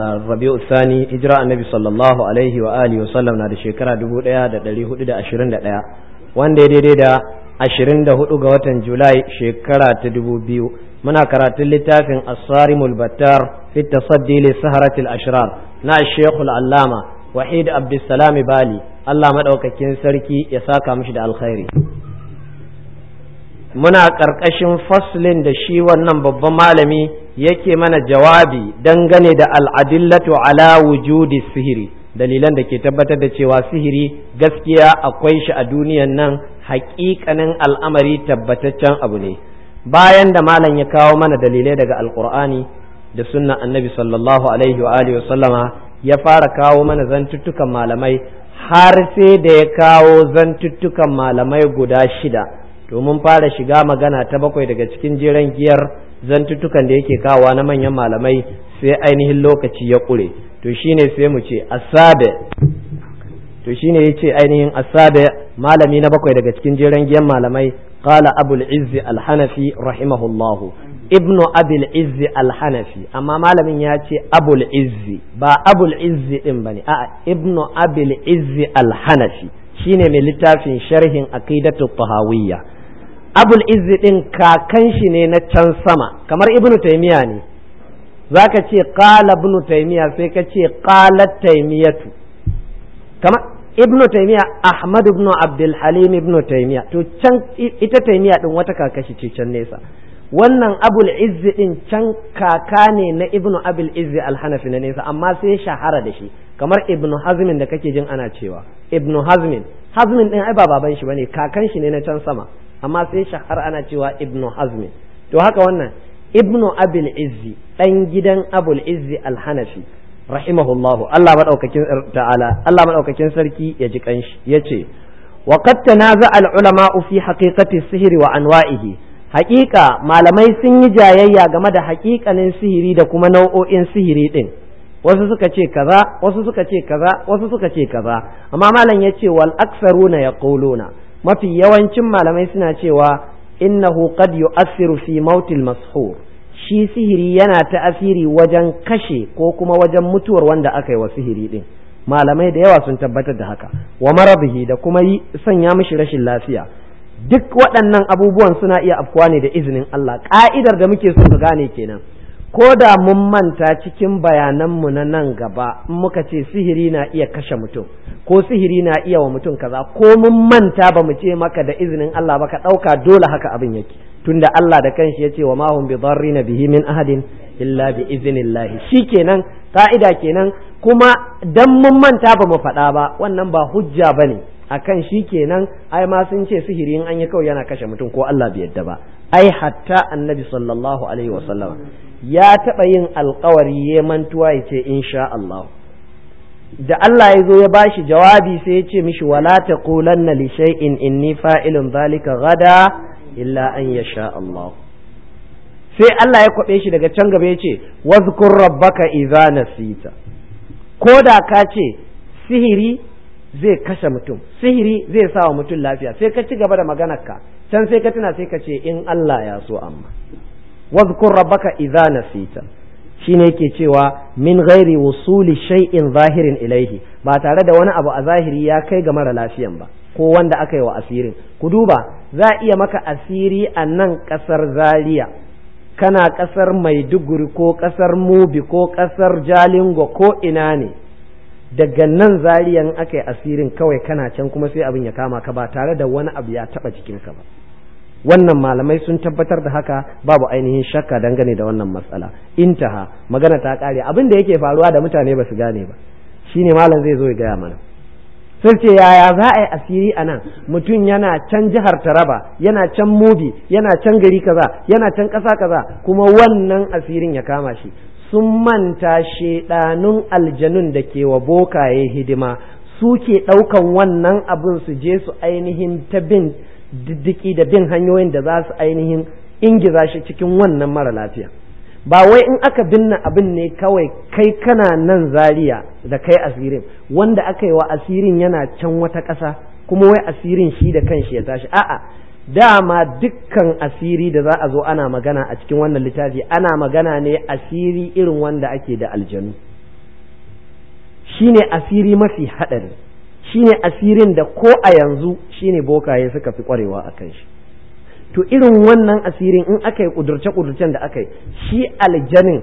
rabi'u thani hijira annabi sallallahu alaihi wa alihi wa sallam na da shekara 1421 wanda ya daidai da 24 ga watan julai shekara ta 2000 muna karatun littafin as battar fi tasaddi li saharatil ashrar na shekul allama wahid abdussalam bali Allah madaukakin sarki ya saka mishi da alkhairi muna ƙarƙashin faslin da shi wannan babban malami yake mana jawabi dangane da al'adillatu ala wujudi sihiri dalilan da ke tabbatar da cewa sihiri gaskiya akwai shi a duniyan nan haƙiƙanin al'amari tabbataccen abu ne bayan da malam ya kawo mana dalilai daga alƙur'ani da sunna annabi sallallahu alaihi wa alihi ya fara kawo mana zantuttukan malamai har sai da ya kawo zantuttukan malamai guda shida domin fara shiga magana ta bakwai daga cikin jiran giyar zantutukan da yake kawa na manyan malamai sai ainihin lokaci ya ƙure to shine sai mu ce asabe to shine yace ainihin asabe malami na bakwai daga cikin jeren giyan malamai qala abul izzi al-hanafi rahimahullahu ibnu abul izzi al-hanafi amma malamin ya ce abul izzi ba abul izzi din ne a'a ibnu abul izzi al-hanafi shine mai littafin sharhin aqidatu tahawiyya abul izzi din kakan shi ne na can sama kamar ibnu taymiya ne zaka ce qala ibnu taymiya sai ka ce qala taymiyatu kamar ibnu taymiya ahmad ibn abdul halim ibnu taymiya to can ita taymiya din wata kakashi ce can nesa wannan abul izzi din can kaka ne na ibnu abul izzi al-hanafi na nesa amma sai shahara da shi kamar ibnu hazmin da kake jin ana cewa ibnu hazmin hazmin din ai ba baban shi bane kakan shi ne na can sama amma sai shahar ana cewa ibnu hazmi to haka wannan ibnu abul izzi dan gidan abul izzi al-hanafi rahimahullahu Allah madaukakin er, ta'ala Allah madaukakin sarki ya ji kanshi yace wa qad tanaza al-ulama fi haqiqati sihri wa anwa'ihi haqiqa malamai sun yi jayayya game da haqiqanin sihiri da kuma nau'o'in sihiri din wasu suka ce kaza wasu suka ce kaza wasu suka ce kaza amma malam yace wal aktharuna yaquluna mafi yawancin malamai suna cewa innahu qad yu'assiru fi mautil mashur shi sihiri yana ta'asiri wajen kashe ko kuma wajen mutuwar wanda aka yi wa sihiri din malamai da yawa sun tabbatar da haka wa marabihi da kuma yi sanya mishi rashin lafiya duk waɗannan abubuwan suna iya afkuwa ne da izinin Allah ka'idar da muke so ka gane kenan ko da mun manta cikin bayananmu na nan gaba in muka ce sihiri na iya kashe mutum ko sihiri na iya wa mutum kaza ko mun manta ba mu ce maka da izinin Allah ba ka ɗauka dole haka abin yake tunda Allah da kanshi ya ce wa mahum bi na bihi min ahadin illa bi iznillahi kenan, ka'ida kenan kuma dan mun manta ba mu faɗa ba wannan ba hujja bane akan shi kenan ai ma sun ce sihiri in an yi kawai yana kashe mutum ko Allah bai yadda ba ai hatta annabi sallallahu alaihi wasallam ya taɓa yin alkawari ya mantuwa ya ce insha Allah da Allah ya zo ya bashi jawabi sai ya ce mishi wala lishai li shay'in inni fa'ilun zalika gada illa an yasha Allah sai Allah ya kwaɓe shi daga can gaba ya ce wazkur rabbaka idza nasita ko da ka ce sihiri zai kashe mutum sihiri zai sa wa mutum lafiya sai ka ci gaba da maganarka can sai ka tuna sai ka ce in Allah ya so amma واذكر ربك إذا نسيت shine yake cewa min ghairi wusuli shay'in zahirin ilaihi ba tare da wani abu a zahiri ya kai ga mara lafiyan ba ko wanda aka yi wa asirin ku duba za a iya maka asiri a nan kasar Zariya kana kasar maiduguri ko kasar mubi ko kasar jalingo ko ina ne daga nan zaliyan aka yi asirin kawai kana can kuma sai abin ya kama ka ba tare da wani abu ya taba jikinka ba wannan malamai sun tabbatar da haka babu ainihin shakka dangane da wannan matsala intaha magana ta kare abin da yake faruwa da mutane ba su gane ba shine malam zai zo ya gaya mana sai ce yaya za a yi asiri a nan mutum yana can jihar taraba yana can mubi yana can gari kaza yana can ƙasa kaza kuma wannan asirin ya kama shi sun manta shedanun aljanun da ke wa bokaye hidima suke ɗaukan wannan abin su je su ainihin ta bin diddiki da bin hanyoyin da za su ainihin ingiza shi cikin wannan mara lafiya ba wai in aka binne abin ne kawai kai kana nan zaria da kai asirin wanda aka yi wa asirin yana can wata ƙasa kuma wai asirin shi da kanshi ya tashi a'a dama dukkan asiri da za a zo ana magana a cikin wannan littafi ana magana ne asiri irin wanda ake da aljanu shine asiri mafi haɗari shine asirin da ko a yanzu shine bokaye suka fi kwarewa a kan shi to irin wannan asirin in aka yi kudurce-kudurcen da aka yi shi aljanin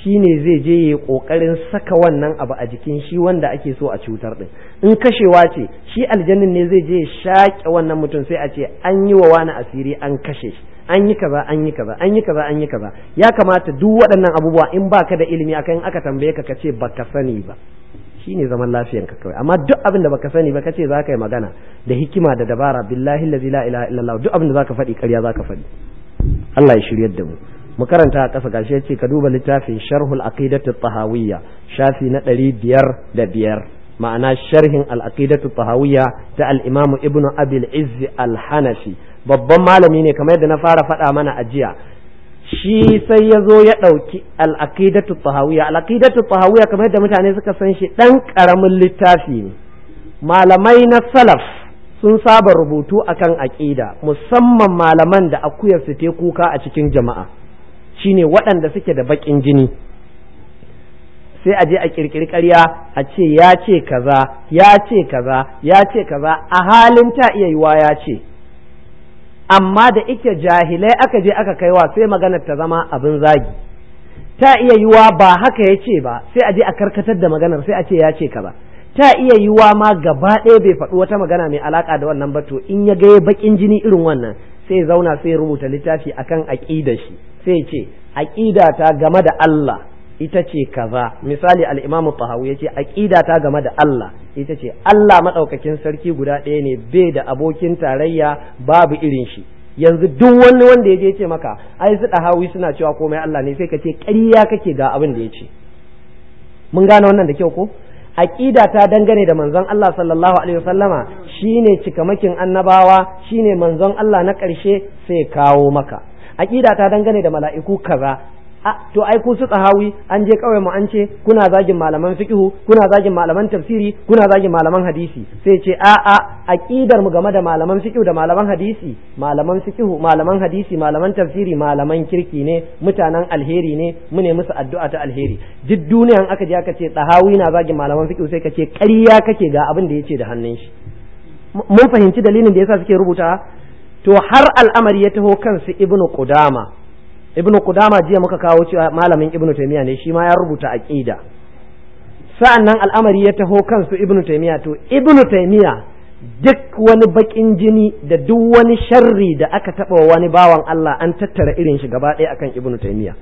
shi ne zai je ya kokarin saka wannan abu a jikin shi wanda ake so a cutar ɗin, in kashewa ce shi aljanin ne zai je ya shaƙe wannan mutum sai a ce an yi wa wani asiri an kashe shi an yi kaza an yi kaza an yi kaza an yi kaza ya kamata duk waɗannan abubuwa in baka da ilimi akan in aka tambaye ka ka ce baka sani ba shine zaman lafiyan ka kawai amma duk abin da baka sani ba kace ka yi magana da hikima da dabara billahi allazi la ilaha illallah duk abin da ka faɗi ƙarya ka faɗi Allah ya shiryar da mu mu karanta a ƙasa gashi ce ka duba littafin sharhul aqidatu tahawiyya shafi na ɗari biyar da biyar ma'ana sharhin al-aqidatu tahawiyya ta al-imamu ibnu abil izzi al-hanafi babban malami ne kamar yadda na fara faɗa mana a jiya shi sai ya zo ya ɗauki al'aƙidatu tahawiyya al'aqidatu tahawiyya kamar yadda mutane suka san shi ɗan ƙaramin littafi ne malamai na salaf sun saba rubutu akan aƙida musamman malaman da akuyar su te kuka a cikin jama'a shine waɗanda suke da baƙin jini sai a je a ƙirƙiri ƙarya a ce ya ce kaza ya ce kaza ya ce kaza a halin ta iya yiwa ya ce amma da ike jahilai aka je aka kaiwa sai maganar ta zama abin zagi ta iya yiwa ba haka ya ce ba sai a je a karkatar da maganar sai a ce ya ce kaza ta iya yiwa ma gaba ɗaya bai faɗi wata magana mai alaƙa da wannan ba to in ya gaye baƙin jini irin wannan sai zauna sai rubuta littafi akan aƙida shi sai ce aƙida ta game da Allah ita ce kaza misali al-Imam Tahawi yace aqida ta game da Allah ita ce Allah madaukakin sarki guda ɗaya ne bai da abokin tarayya babu irin shi yanzu duk wani wanda yaje ce maka ai su Tahawi suna cewa komai Allah ne sai kace ce ƙarya kake ga abin da ya yace mun gane wannan da kyau ko aqida ta dangane da manzon Allah sallallahu alaihi wasallama shine cikamakin annabawa shine manzon Allah na ƙarshe sai kawo maka aqida ta dangane da mala'iku kaza to ai ku su tsahawi an je kawai mu an ce kuna zagin malaman fiqhu kuna zagin malaman tafsiri kuna zagin malaman hadisi sai ce a a aqidar mu game da malaman fiqhu da malaman hadisi malaman fiqhu malaman hadisi malaman tafsiri malaman kirki ne mutanen alheri ne mu ne musu addu'a ta alheri duk duniyan aka je aka ce tsahawi na zagin malaman fiqhu sai ka ce ƙarya kake ga abin da yace da hannun shi mun fahimci dalilin da yasa suke rubuta to har al'amari ya taho kansu ibnu qudama ibnu Kudama jiya muka kawo cewa malamin ibnu taymiya ne shi ma ya rubuta aqida sa'annan al'amari ya taho kansu ibnu taymiya to ibnu taimiya duk wani bakin jini da duk wani sharri da aka taba wani bawan Allah an tattara irin shi gaba ɗaya akan ibnu taimiya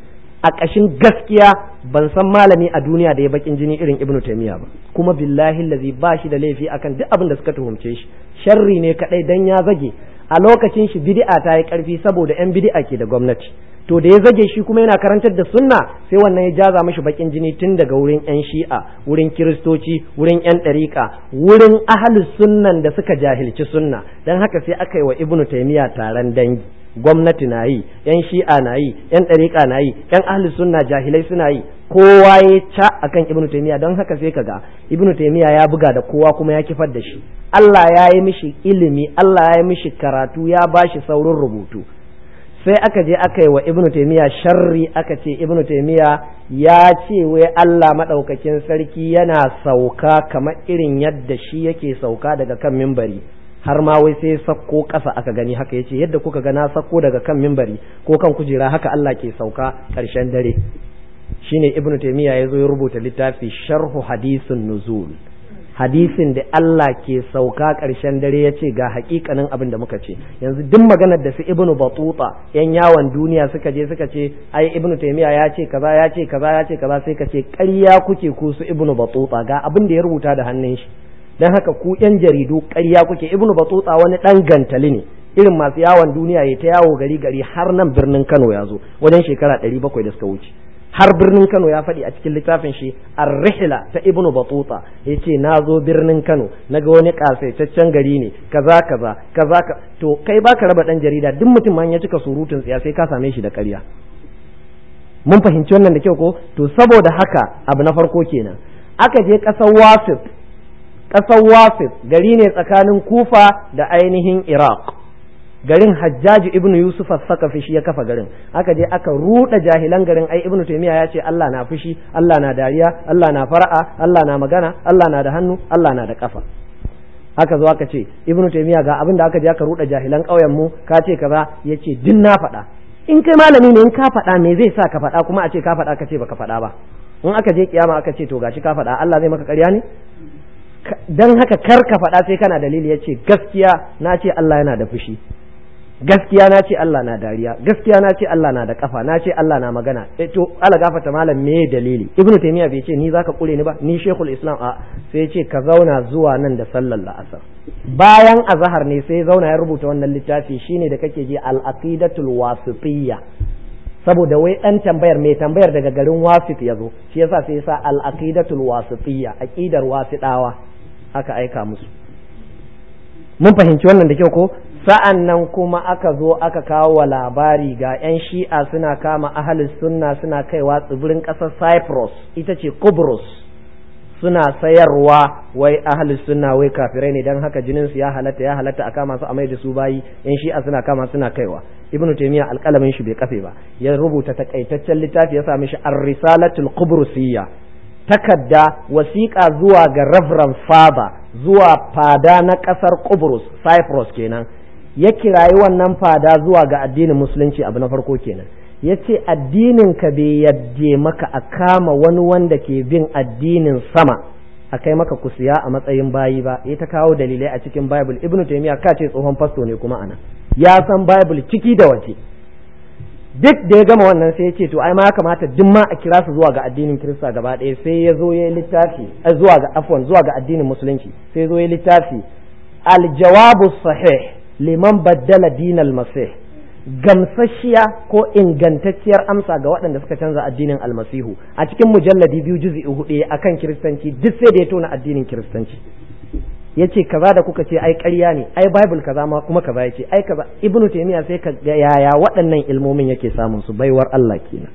a ƙashin gaskiya ban san malami a duniya da ya bakin jini irin ibnu taimiya ba kuma billahi lazi ba shi da laifi akan duk abin da suka tuhumce shi sharri ne kadai dan ya zage a lokacin shi bid'a ta yi karfi saboda yan bid'a ke da gwamnati to da ya zage shi kuma yana karantar da sunna sai wannan ya jaza mashi bakin jini tun daga wurin yan shi'a wurin kiristoci wurin yan ɗariƙa wurin ahalus sunnan da suka jahilci sunna don haka sai aka yi wa ibnu taimiya taron dangi gwamnati na yi yan shi'a na yi yan ɗariƙa na yi yan ahalus sunna jahilai suna yi kowa ya ca akan ibnu taimiya don haka sai kaga ibnu taimiya ya buga da kowa kuma ya kifar da shi Allah ya yi mishi ilimi Allah ya yi mishi karatu ya ba shi saurin rubutu sai aka je aka yi wa ibnu taimiya sharri aka ce ibnu taimiya ya ce wai Allah maɗaukakin sarki yana sauka kamar irin yadda shi yake sauka daga kan mimbari har ma wai sai sakko ƙasa aka gani haka ya ce yadda kuka gana sakko daga kan mimbari ko kan kujera haka Allah ke sauka ƙarshen dare shine ibnu taimiya ya zo ya rubuta littafi sharhu hadisin nuzul hadisin da Allah ke sauka ƙarshen dare ya ce ga hakikanin abin da muka ce yanzu duk maganar da su ibnu batuta yan yawon duniya suka je suka ce ai ibnu taymiya ya ce kaza ya ce kaza ya ce kaza sai ka ce ƙarya kuke ku su ibnu batuta ga abin da ya rubuta da hannun shi don haka ku yan jaridu ƙarya kuke ibnu batuta wani dan gantali ne irin masu yawon duniya ya ta yawo gari gari har nan birnin Kano ya zo wajen shekara ɗari 700 da suka wuce har birnin Kano ya faɗi a cikin littafin shi Ar-Rihla ta Ibn Battuta yace na zo birnin Kano naga wani kasaitaccen gari ne kaza kaza kaza to kai baka raba dan jarida duk mutum ma ya cika surutun tsaya sai ka same shi da ƙarya mun fahimci wannan da kyau ko to saboda haka abu na farko kenan aka je ƙasar Wasif ƙasar Wasif gari ne tsakanin Kufa da ainihin Iraq garin hajjaji ibn yusuf saka fushi ya kafa garin aka je aka ruda jahilan garin ai ibn taymiya ya ce Allah na fushi Allah na dariya Allah na fara'a Allah na magana Allah na da hannu Allah na da kafa aka zo aka ce ibn taymiya ga abin da aka je aka ruda jahilan ƙauyen mu ka ce kaza yace din na faɗa in kai malami ne in ka faɗa me zai sa ka faɗa kuma a ce ka faɗa ka ce baka faɗa ba in aka je kiyama aka ce to gashi ka faɗa Allah zai maka ƙarya ne dan haka kar ka faɗa sai kana dalili yace gaskiya na ce Allah yana da fushi gaskiya na ce Allah na dariya gaskiya na ce Allah na da kafa na ce Allah na magana eh to ala gafata malam me dalili Ibn taymiya bai ce ni zaka kure ni ba ni shaykhul islam a sai ya ce ka zauna zuwa nan da sallar la'asar bayan azhar ne sai zauna ya rubuta wannan littafi shine da kake ji al aqidatul wasitiyya saboda wai dan tambayar mai tambayar daga garin wasit ya zo shi yasa sai yasa al aqidatul wasitiyya aqidar wasidawa aka aika musu mun fahimci wannan da kyau ko sa'an nan kuma aka zo aka kawo wa labari ga 'yan shi'a suna kama ahalin sunna suna kaiwa tsibirin ƙasar cyprus ita ce kubrus suna sayarwa wai ahalin sunna wai kafirai ne don haka jininsu ya halatta ya halatta a kama su a mai da su bayi 'yan shi'a suna kama suna kaiwa ibnu taimiyya alƙalamin shi bai kafe ba ya rubuta takaitaccen littafi ya sami shi ar-risalatul kubrusiyya takadda wasiƙa zuwa ga reverend father zuwa fada na ƙasar Kubrus, Cyprus kenan ya kirayi wannan fada zuwa ga addinin musulunci abu na farko kenan ya ce addinin ka bai yadda maka a kama wani wanda ke bin addinin sama a kai maka kusiya a matsayin bayi ba ya ta kawo dalilai a cikin bible ibnu taimiya ka ce tsohon fasto ne kuma anan ya san bible ciki da waje duk da ya gama wannan sai ya ce to ai ma ya kamata duk ma a kira su zuwa ga addinin kirista gaba ɗaya sai ya zo ya littafi eh, zuwa ga afwan zuwa ga addinin musulunci sai ya zo ya littafi aljawabu sahih liman baddala dinal masih gamsasshiya ko ingantacciyar amsa ga waɗanda suka canza addinin almasihu a cikin mujalladi biyu juzi'i hudu akan kiristanci duk sai da ya tona addinin kiristanci yace kaza da kuka ce ai ƙarya ne ai bible kaza ma kuma kaza yace ai kaza ibnu taymiya sai ka ga yaya waɗannan ilmomin yake samun su baiwar Allah kenan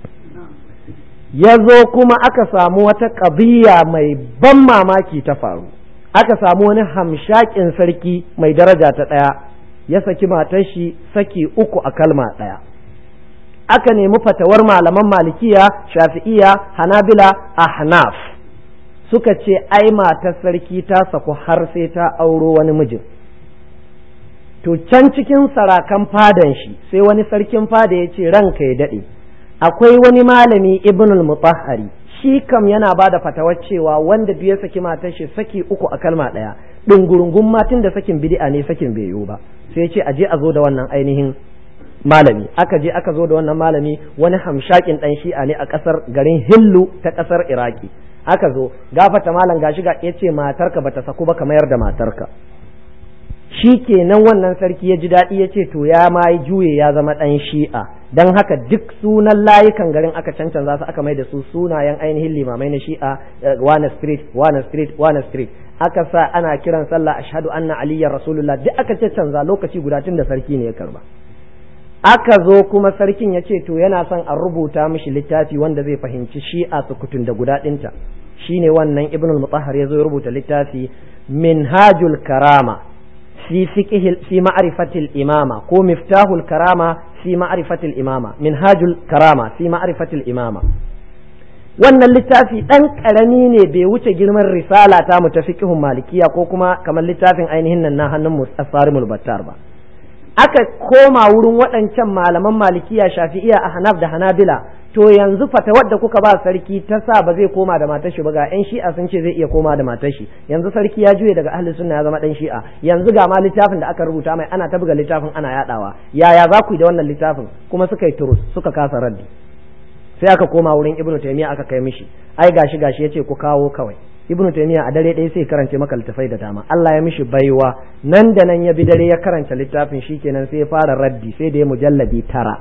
ya zo kuma aka samu wata ƙabiya mai ban mamaki ta faru aka samu wani hamshakin sarki mai daraja ta ɗaya ya saki matar shi saki uku a kalma ɗaya aka nemi fatawar malaman malikiya shafi'iya hanabila ahnaf suka ce ai matar sarki ta saku har sai ta auro wani mijin to can cikin sarakan fadan shi sai wani sarkin fada ya ce ranka ya daɗe akwai wani malami ibnul mutahari shi kam yana ba da fatawar cewa wanda duk ya saki matar shi saki uku a kalma ɗaya dungurungun matin da sakin bid'a ne sakin bai yiwu ba sai ce aje a zo da wannan ainihin malami aka je aka zo da wannan malami wani hamshakin dan shi'a ne a kasar garin Hillu ta kasar Iraki aka zo gafata malam gashi ga ce matarka bata saku ba ka mayar da matarka shi kenan wannan sarki ya ji daɗi ya ce to ya ma juye ya zama ɗan shi'a don haka duk sunan layukan garin aka cancanza su aka mai da su sunayen ainihin limamai na shi'a eh, wana street wana street wana street aka sa ana kiran sallah a ashhadu anna aliyyar rasulullah duk aka canza lokaci guda tun da sarki ne ya karba aka zo kuma sarkin ya ce to yana son a rubuta mishi littafi wanda zai fahimci shi'a sukutun da guda ɗinta shine wannan ibnul mutahhar ya zo ya rubuta littafi minhajul karama fi fiqh fi imama ko miftahul karama fi ma'rifatil imama minhajul karama fi ma'rifatil imama wannan littafi ɗan ƙarami ne bai wuce girman risala ta mu ta fiqhun malikiya ko kuma kamar littafin ainihin nan na hannun mu tsarimul battar ba aka koma wurin waɗancan malaman malikiya shafi'iya a hanaf da hanabila to yanzu fatawar da kuka ba sarki ta sa ba zai koma da matar shi ba ga yan shi'a sun ce zai iya koma da matar shi yanzu sarki ya juye daga ahli sunna ya zama dan shi'a yanzu ga ma littafin da aka rubuta mai ana ta buga littafin ana yadawa yaya za ku yi da wannan littafin kuma suka yi turus suka kasa raddi sai aka koma wurin ibnu taymiya aka kai mishi ai gashi gashi yace ku kawo kawai ibn taymiya a dare ɗaya sai karance maka littafai da dama Allah ya mishi baiwa nan da nan ya bi dare ya karanta littafin shikenan sai ya fara raddi sai da ya mujalladi tara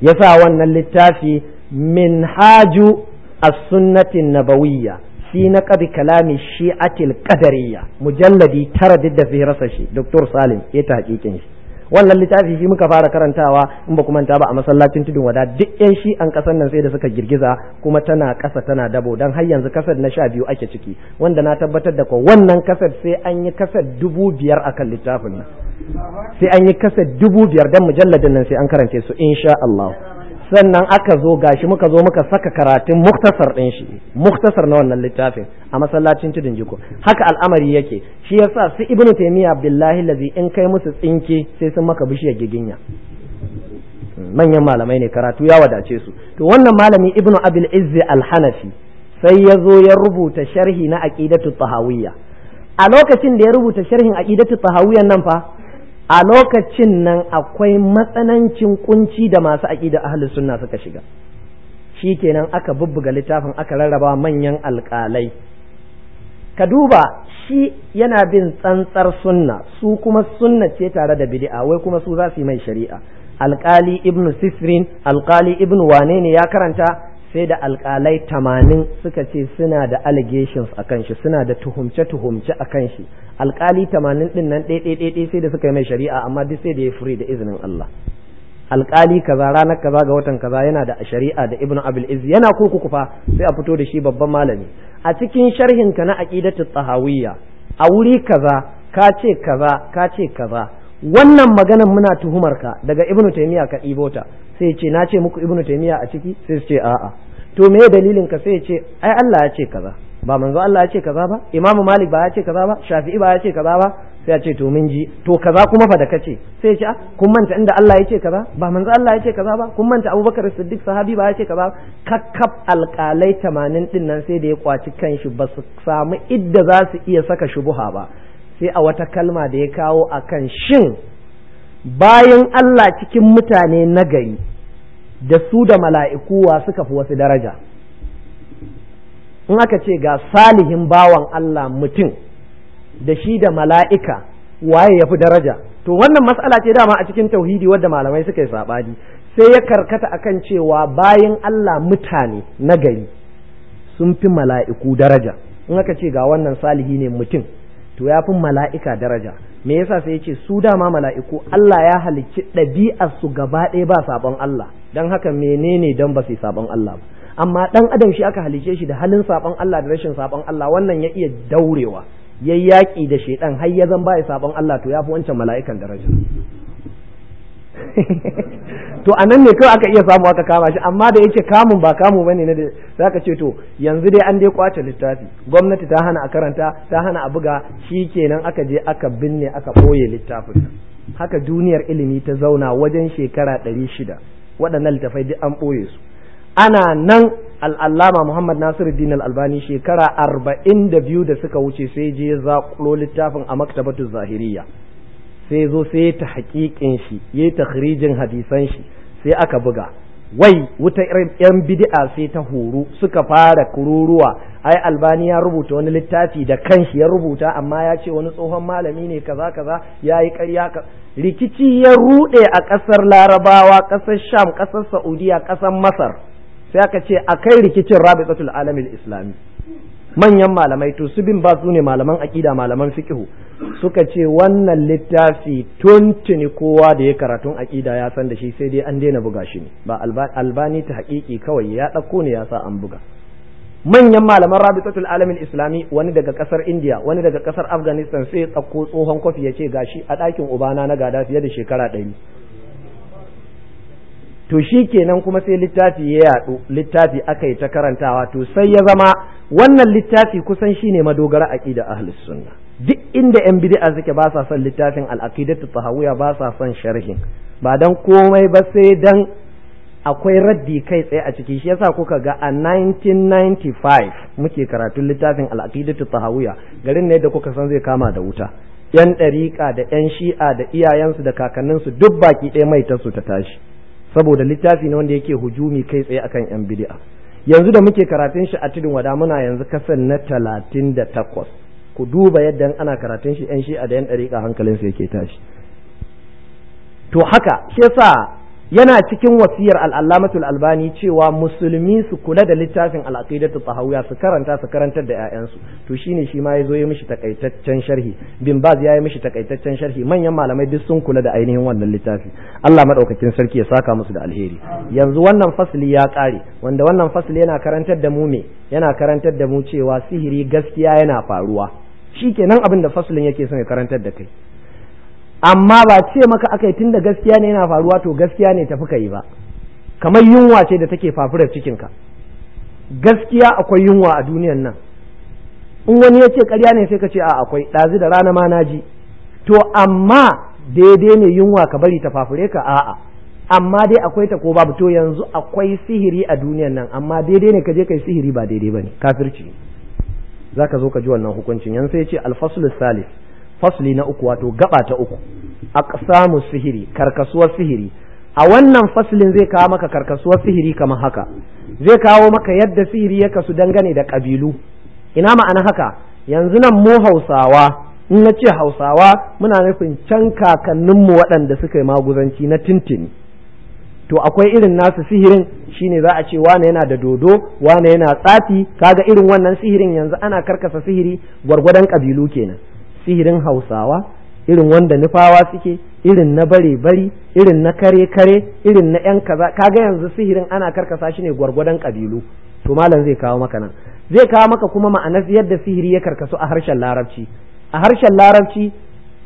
ya sa wannan littafi minhaju as-sunnati nabawiyya fi naqdi kalami shi'atil qadariyya mujalladi tara duk da rasa shi Dr. Salim ya tahqiqin shi wannan littafi shi muka fara karantawa in ba ku manta ba a masallacin tudun wada duk yan shi an kasan nan sai da suka girgiza kuma tana kasa tana dabo dan har yanzu kasar na sha biyu ake ciki wanda na tabbatar da ko wannan kasar sai an yi kasar dubu biyar akan littafin nan sai an yi kasar dubu biyar dan mujalladin nan sai an karance su insha Allah sannan aka zo gashi muka zo muka saka karatun muktasar ɗin shi muktasar na wannan littafin a masallacin tudun jiko haka al'amari yake shi yasa su ibnu taymiya billahi lazi in kai musu tsinke sai sun maka bishiyar giginya manyan malamai ne karatu ya wadace su to wannan malami ibnu abil izzi al-hanafi sai ya zo ya rubuta sharhi na aqidatu tahawiyya a lokacin da ya rubuta sharhin aqidatu tahawiyyan nan fa a lokacin nan akwai matsanancin kunci da masu aƙida ahli sunna suka shiga shi kenan aka bubbuga littafin aka rarraba manyan alƙalai ka duba shi yana bin tsantsar sunna su kuma sunna ce tare da bid'a wai kuma su za su yi mai shari'a alƙali ibnu sisrin alƙali ibnu wane ne ya karanta sai da alƙalai tamanin suka ce suna da allegations a kan shi suna da tuhumce-tuhumce a kan shi alƙali tamanin ɗin nan ɗaiɗaiɗaiɗai sai da suka yi mai shari'a amma duk sai da ya fure da izinin Allah alƙali kaza ranar kaza ga watan kaza yana da shari'a da ibnu abil iz yana kurkuku fa sai a fito da shi babban malami a cikin sharhin ka na aqidatu tsahawiyya a wuri kaza ka ce kaza ka ce kaza wannan maganar muna tuhumar ka daga ibnu taymiya ka ɗibo ta sai ce na ce muku ibnu taymiya a ciki sai su ce a'a to me dalilin ka sai ce ai Allah ya ce kaza ba manzo Allah ya ce kaza ba Imam Malik ba ya ce kaza ba Shafi'i ba ya ce kaza ba sai ya ce to mun ji to kaza kuma fa da kace sai ya ce ah, kun manta inda Allah ya ce kaza ba manzo Allah ya ce kaza ba kun manta Abubakar Siddiq sahabi ba ya ce kaza kakkab alƙalai 80 din nan sai da ya kwaci kanshi ba su samu idda za su iya saka shubuha ba sai a wata kalma da ya kawo a kan shin bayan Allah cikin mutane nagari da su da mala'ikuwa suka fi wasu daraja in aka ce ga salihin bawan Allah mutum da shi da mala'ika waye ya fi daraja to wannan matsala ce dama a cikin tauhidi wadda malamai suka yi saɓani sai ya karkata akan cewa bayan Allah mutane nagari sun fi mala'iku daraja in aka ce ga wannan salihi ne mutum to ya fi mala'ika daraja me yasa sai ce su dama mala'iku Allah ya halicci ɗabi'ar su gaba ɗaya ba sabon Allah don haka menene don ba su sabon Allah ba amma ɗan adam shi aka halice shi da halin sabon Allah da rashin sabon Allah wannan ya iya daurewa ya yaƙi da shaidan har ya zan ya sabon Allah to ya fi wancan mala'ikan daraja to a nan ne kawai aka iya samu aka kama shi amma da yake kamun ba kamu bane na da zaka ce to yanzu dai an dai kwace littafi gwamnati ta hana a karanta ta hana a buga shi kenan aka je aka binne aka boye littafin haka duniyar ilimi ta zauna wajen shekara ɗari shida waɗannan littafai duk an ɓoye su ana nan al'allama muhammad nasiruddin albani shekara arba'in da biyu da suka wuce sai je zaƙulo littafin a maktabatu zahiriya sai zo sai ta haƙiƙin shi ya ta hadisan shi sai aka buga wai wuta yan bid'a sai ta horu suka fara kururuwa ai albani ya rubuta wani littafi da kanshi ya rubuta amma ya ce wani tsohon malami ne kaza kaza ya yi karya rikici ya rude a kasar larabawa ƙasar sham ƙasar saudiya kasar masar sai aka ce a kai rikicin rabitatul alamil islami manyan malamai to su bin ba su ne malaman aƙida malaman fiqhu suka ce wannan littafi tuntuni kowa da ya karatun aƙida ya san da shi sai dai an daina buga shi ne ba albani ta haƙiƙi kawai ya ɗauko ne ya sa an buga manyan malaman rabitatul alamin islami wani daga kasar india wani daga kasar afghanistan sai ya ɗauko tsohon kwafi ya ce gashi a ɗakin ubana na gada fiye da shekara ɗari to shi kenan kuma sai littafi ya yaɗu littafi aka yi ta karantawa to sai ya zama wannan littafi kusan shi ne madogara aƙida ahlus sunna duk inda yan bid'a suke ba sa son littafin al-aqidatu tahawiyya ba sa son sharhin ba dan komai ba sai dan akwai raddi kai tsaye a ciki shi yasa kuka ga a 1995 muke karatun littafin al-aqidatu tahawiyya garin ne da kuka san zai kama da wuta yan ɗariƙa da yan shi'a da iyayensu da kakanninsu duk baki ɗaya mai ta su ta tashi saboda littafi ne wanda yake hujumi kai tsaye akan yan bid'a yanzu da muke karatun shi a tudun wada muna yanzu kasan na talatin da takwas ku duba yadda ana karatun shi yan shi'a da yan dariƙa hankalinsa yake tashi to haka shi yasa yana cikin wasiyar al'allamatul albani cewa musulmi su kula da littafin al'aqidatu tahawiyya su karanta su karantar da 'ya'yansu to shine shi ma yazo ya mishi takaitaccen sharhi bin baz ya yi mishi takaitaccen sharhi manyan malamai duk sun kula da ainihin wannan littafi Allah madaukakin sarki ya saka musu da alheri yanzu wannan fasli ya kare wanda wannan fasli yana karantar da mu me yana karantar da mu cewa sihiri gaskiya yana faruwa shi shikenan abin da faslin yake son ya karantar da kai amma ba ce maka aka yi tunda gaskiya ne yana faruwa to gaskiya ne tafi ka yi ba kamar yunwa ce da take fafurar cikinka gaskiya akwai yunwa a duniyan nan in wani ya ce karya ne sai ka ce a akwai ɗazu da rana ma naji to amma daidai ne yunwa ka bari ta fafure ka a'a amma dai akwai ta ko babu to yanzu akwai sihiri a duniyan nan amma daidai ne ka je kai sihiri ba daidai ba ne kafirci zaka zo ka ji wannan hukuncin yanzu sai ya ce alfasul salis fasli na uku wato gaba ta uku samu sihiri karkasuwar sihiri a wannan faslin zai kawo maka karkasuwar sihiri kamar haka zai kawo maka yadda sihiri ya kasu dangane da kabilu ina ma'ana haka yanzu nan mu hausawa in na ce hausawa muna nufin can kakanninmu waɗanda suka yi maguzanci na tintini to akwai irin nasu sihirin shine za a ce wane yana da dodo wane yana tsafi kaga irin wannan sihirin yanzu ana karkasa sihiri gwargwadon kabilu kenan sihirin hausawa irin wanda nufawa suke irin na bare bari irin na kare kare irin na yan kaza kaga yanzu sihirin ana karkasa shi ne gwargwadon kabilu to malam zai kawo maka nan zai kawo maka kuma ma'anar yadda sihiri ya karkasu a harshen larabci a harshen larabci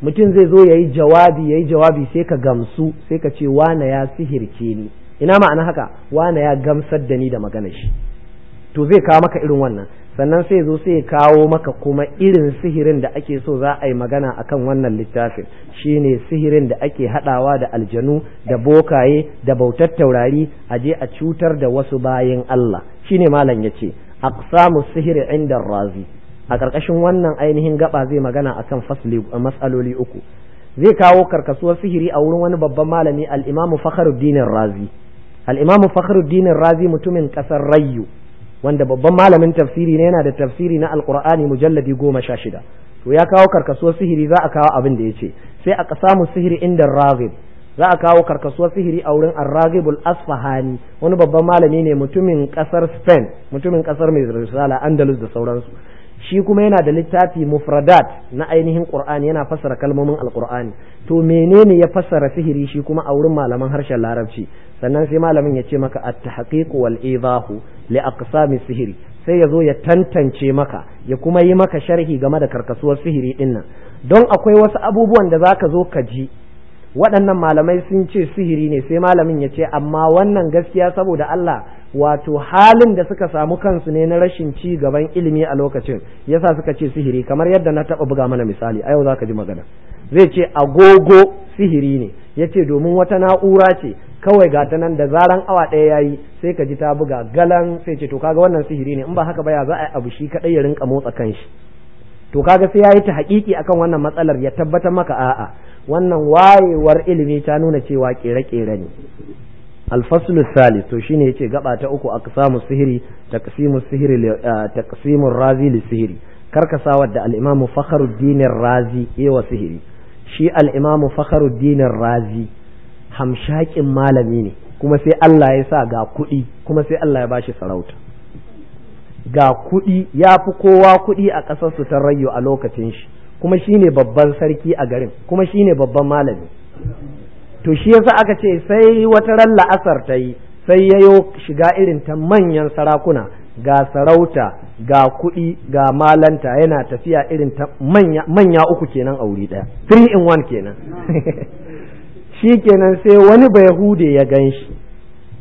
mutum zai zo yayi jawabi yayi jawabi sai ka gamsu sai ka ce wane ya sihirce ni ina ma'ana haka wane ya gamsar da ni da maganar shi to zai kawo maka irin wannan sannan sai zo sai kawo maka kuma irin sihirin da ake so za a yi magana akan wannan littafin shine sihirin da ake haɗawa da aljanu da bokaye da bautar taurari a je a cutar da wasu bayan Allah shine malam ya yace aqsamu sihiri inda razi a karkashin wannan ainihin gaba zai magana akan fasli matsaloli uku zai kawo karkasuwar sihiri a wurin wani babban malami al-imamu fakhruddin razi al-imamu razi mutumin ƙasar rayyu wanda babban malamin tafsiri ne yana da tafsiri na alqur'ani mujalladi goma sha shida to ya kawo karkasuwar sihiri za a kawo abin da ya ce sai kasa samu sihiri inda raghib za a kawo karkasuwar sihiri a wurin arragibul asfahani wani babban malami ne mutumin kasar spain mutumin kasar mai risala andalus da sauransu shi kuma yana da littafi mufradat na ainihin qur'ani yana fassara kalmomin alqur'ani to menene ya fassara sihiri shi kuma a wurin malaman harshen larabci sannan sai malamin ya ce maka at-tahqiq wal idahu li aqsami sihiri sai ya zo ya tantance maka ya kuma yi maka sharhi game da karkasuwar sihiri dinnan don akwai wasu abubuwan da zaka zo ka ji waɗannan malamai sun ce sihiri ne sai malamin ya ce amma wannan gaskiya saboda Allah wato halin da suka samu kansu ne na rashin ci gaban ilimi a lokacin yasa suka ce sihiri kamar yadda na taba buga mana misali a yau za ka ji magana zai ce agogo sihiri ne ce domin wata na'ura ce kawai ga ta nan da zaran awa ɗaya yayi sai ka ji ta buga galan sai ce to kaga wannan sihiri ne in ba haka ba ya za a yi abu shi kaɗai ya rinka motsa kanshi to kaga sai ya yi ta hakiki akan wannan matsalar ya tabbatar maka a'a wannan wayewar ilimi ta nuna cewa ƙere-ƙere ne alfasul salis to shine yace gaba ta uku aqsamu sihiri taqsimu sihiri taqsimu razi li sihiri kar karkasawa da al-imam fakhruddin razi yawa sihiri shi al-imam fakhruddin razi hamshakin malami ne kuma sai Allah ya sa ga kuɗi kuma sai Allah ya bashi sarauta ga kuɗi ya fi kowa kuɗi a ƙasarsu su ta rayo a lokacin shi kuma shine babban sarki a garin kuma shine babban malami to shi yasa aka ce sai wata ran la'asar ta yi sai ya yayo shiga irin ta manyan sarakuna ga sarauta ga kuɗi ga malanta yana tafiya irin ta manya, uku kenan a wuri ɗaya three in one kenan shi kenan sai wani bayahude ya gan shi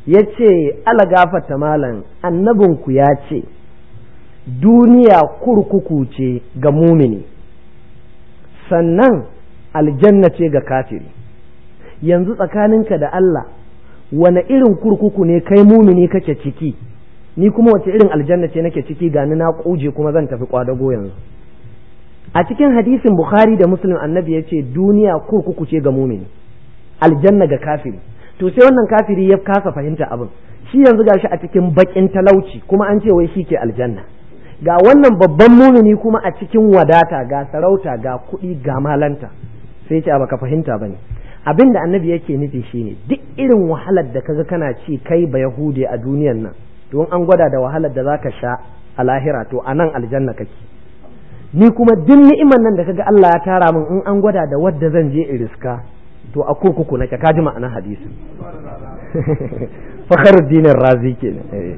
ya ce alagafata malam annabinku ya ce duniya kurkuku ce ga mumini sannan aljanna ce ga kafiri yanzu tsakaninka da Allah wane irin kurkuku ne kai mumini kake ciki ni kuma wace irin aljanna ce nake ciki Ga ni na kuje kuma zan tafi kwadago yanzu a cikin hadisin bukhari da muslim annabi ya ce duniya kurkuku ce ga mumini aljanna ga kafiri to sai wannan kafiri ya kasa fahimta abin shi yanzu gashi a cikin bakin talauci kuma an ce wai shi ke aljanna ga wannan babban mumini kuma a cikin wadata ga sarauta ga kuɗi ga malanta sai ce baka fahimta bane abin da annabi yake nufi shine duk irin wahalar da kaga kana ci kai ba yahudi a duniyan nan don an gwada da wahalar da zaka sha a lahira to a nan aljanna kake ni kuma duk ni'imar nan da kaga Allah ya tara min in an gwada da wadda zan je in riska to a kurkuku nake kaji ma'anar hadisi fakhruddin razi kenan eh.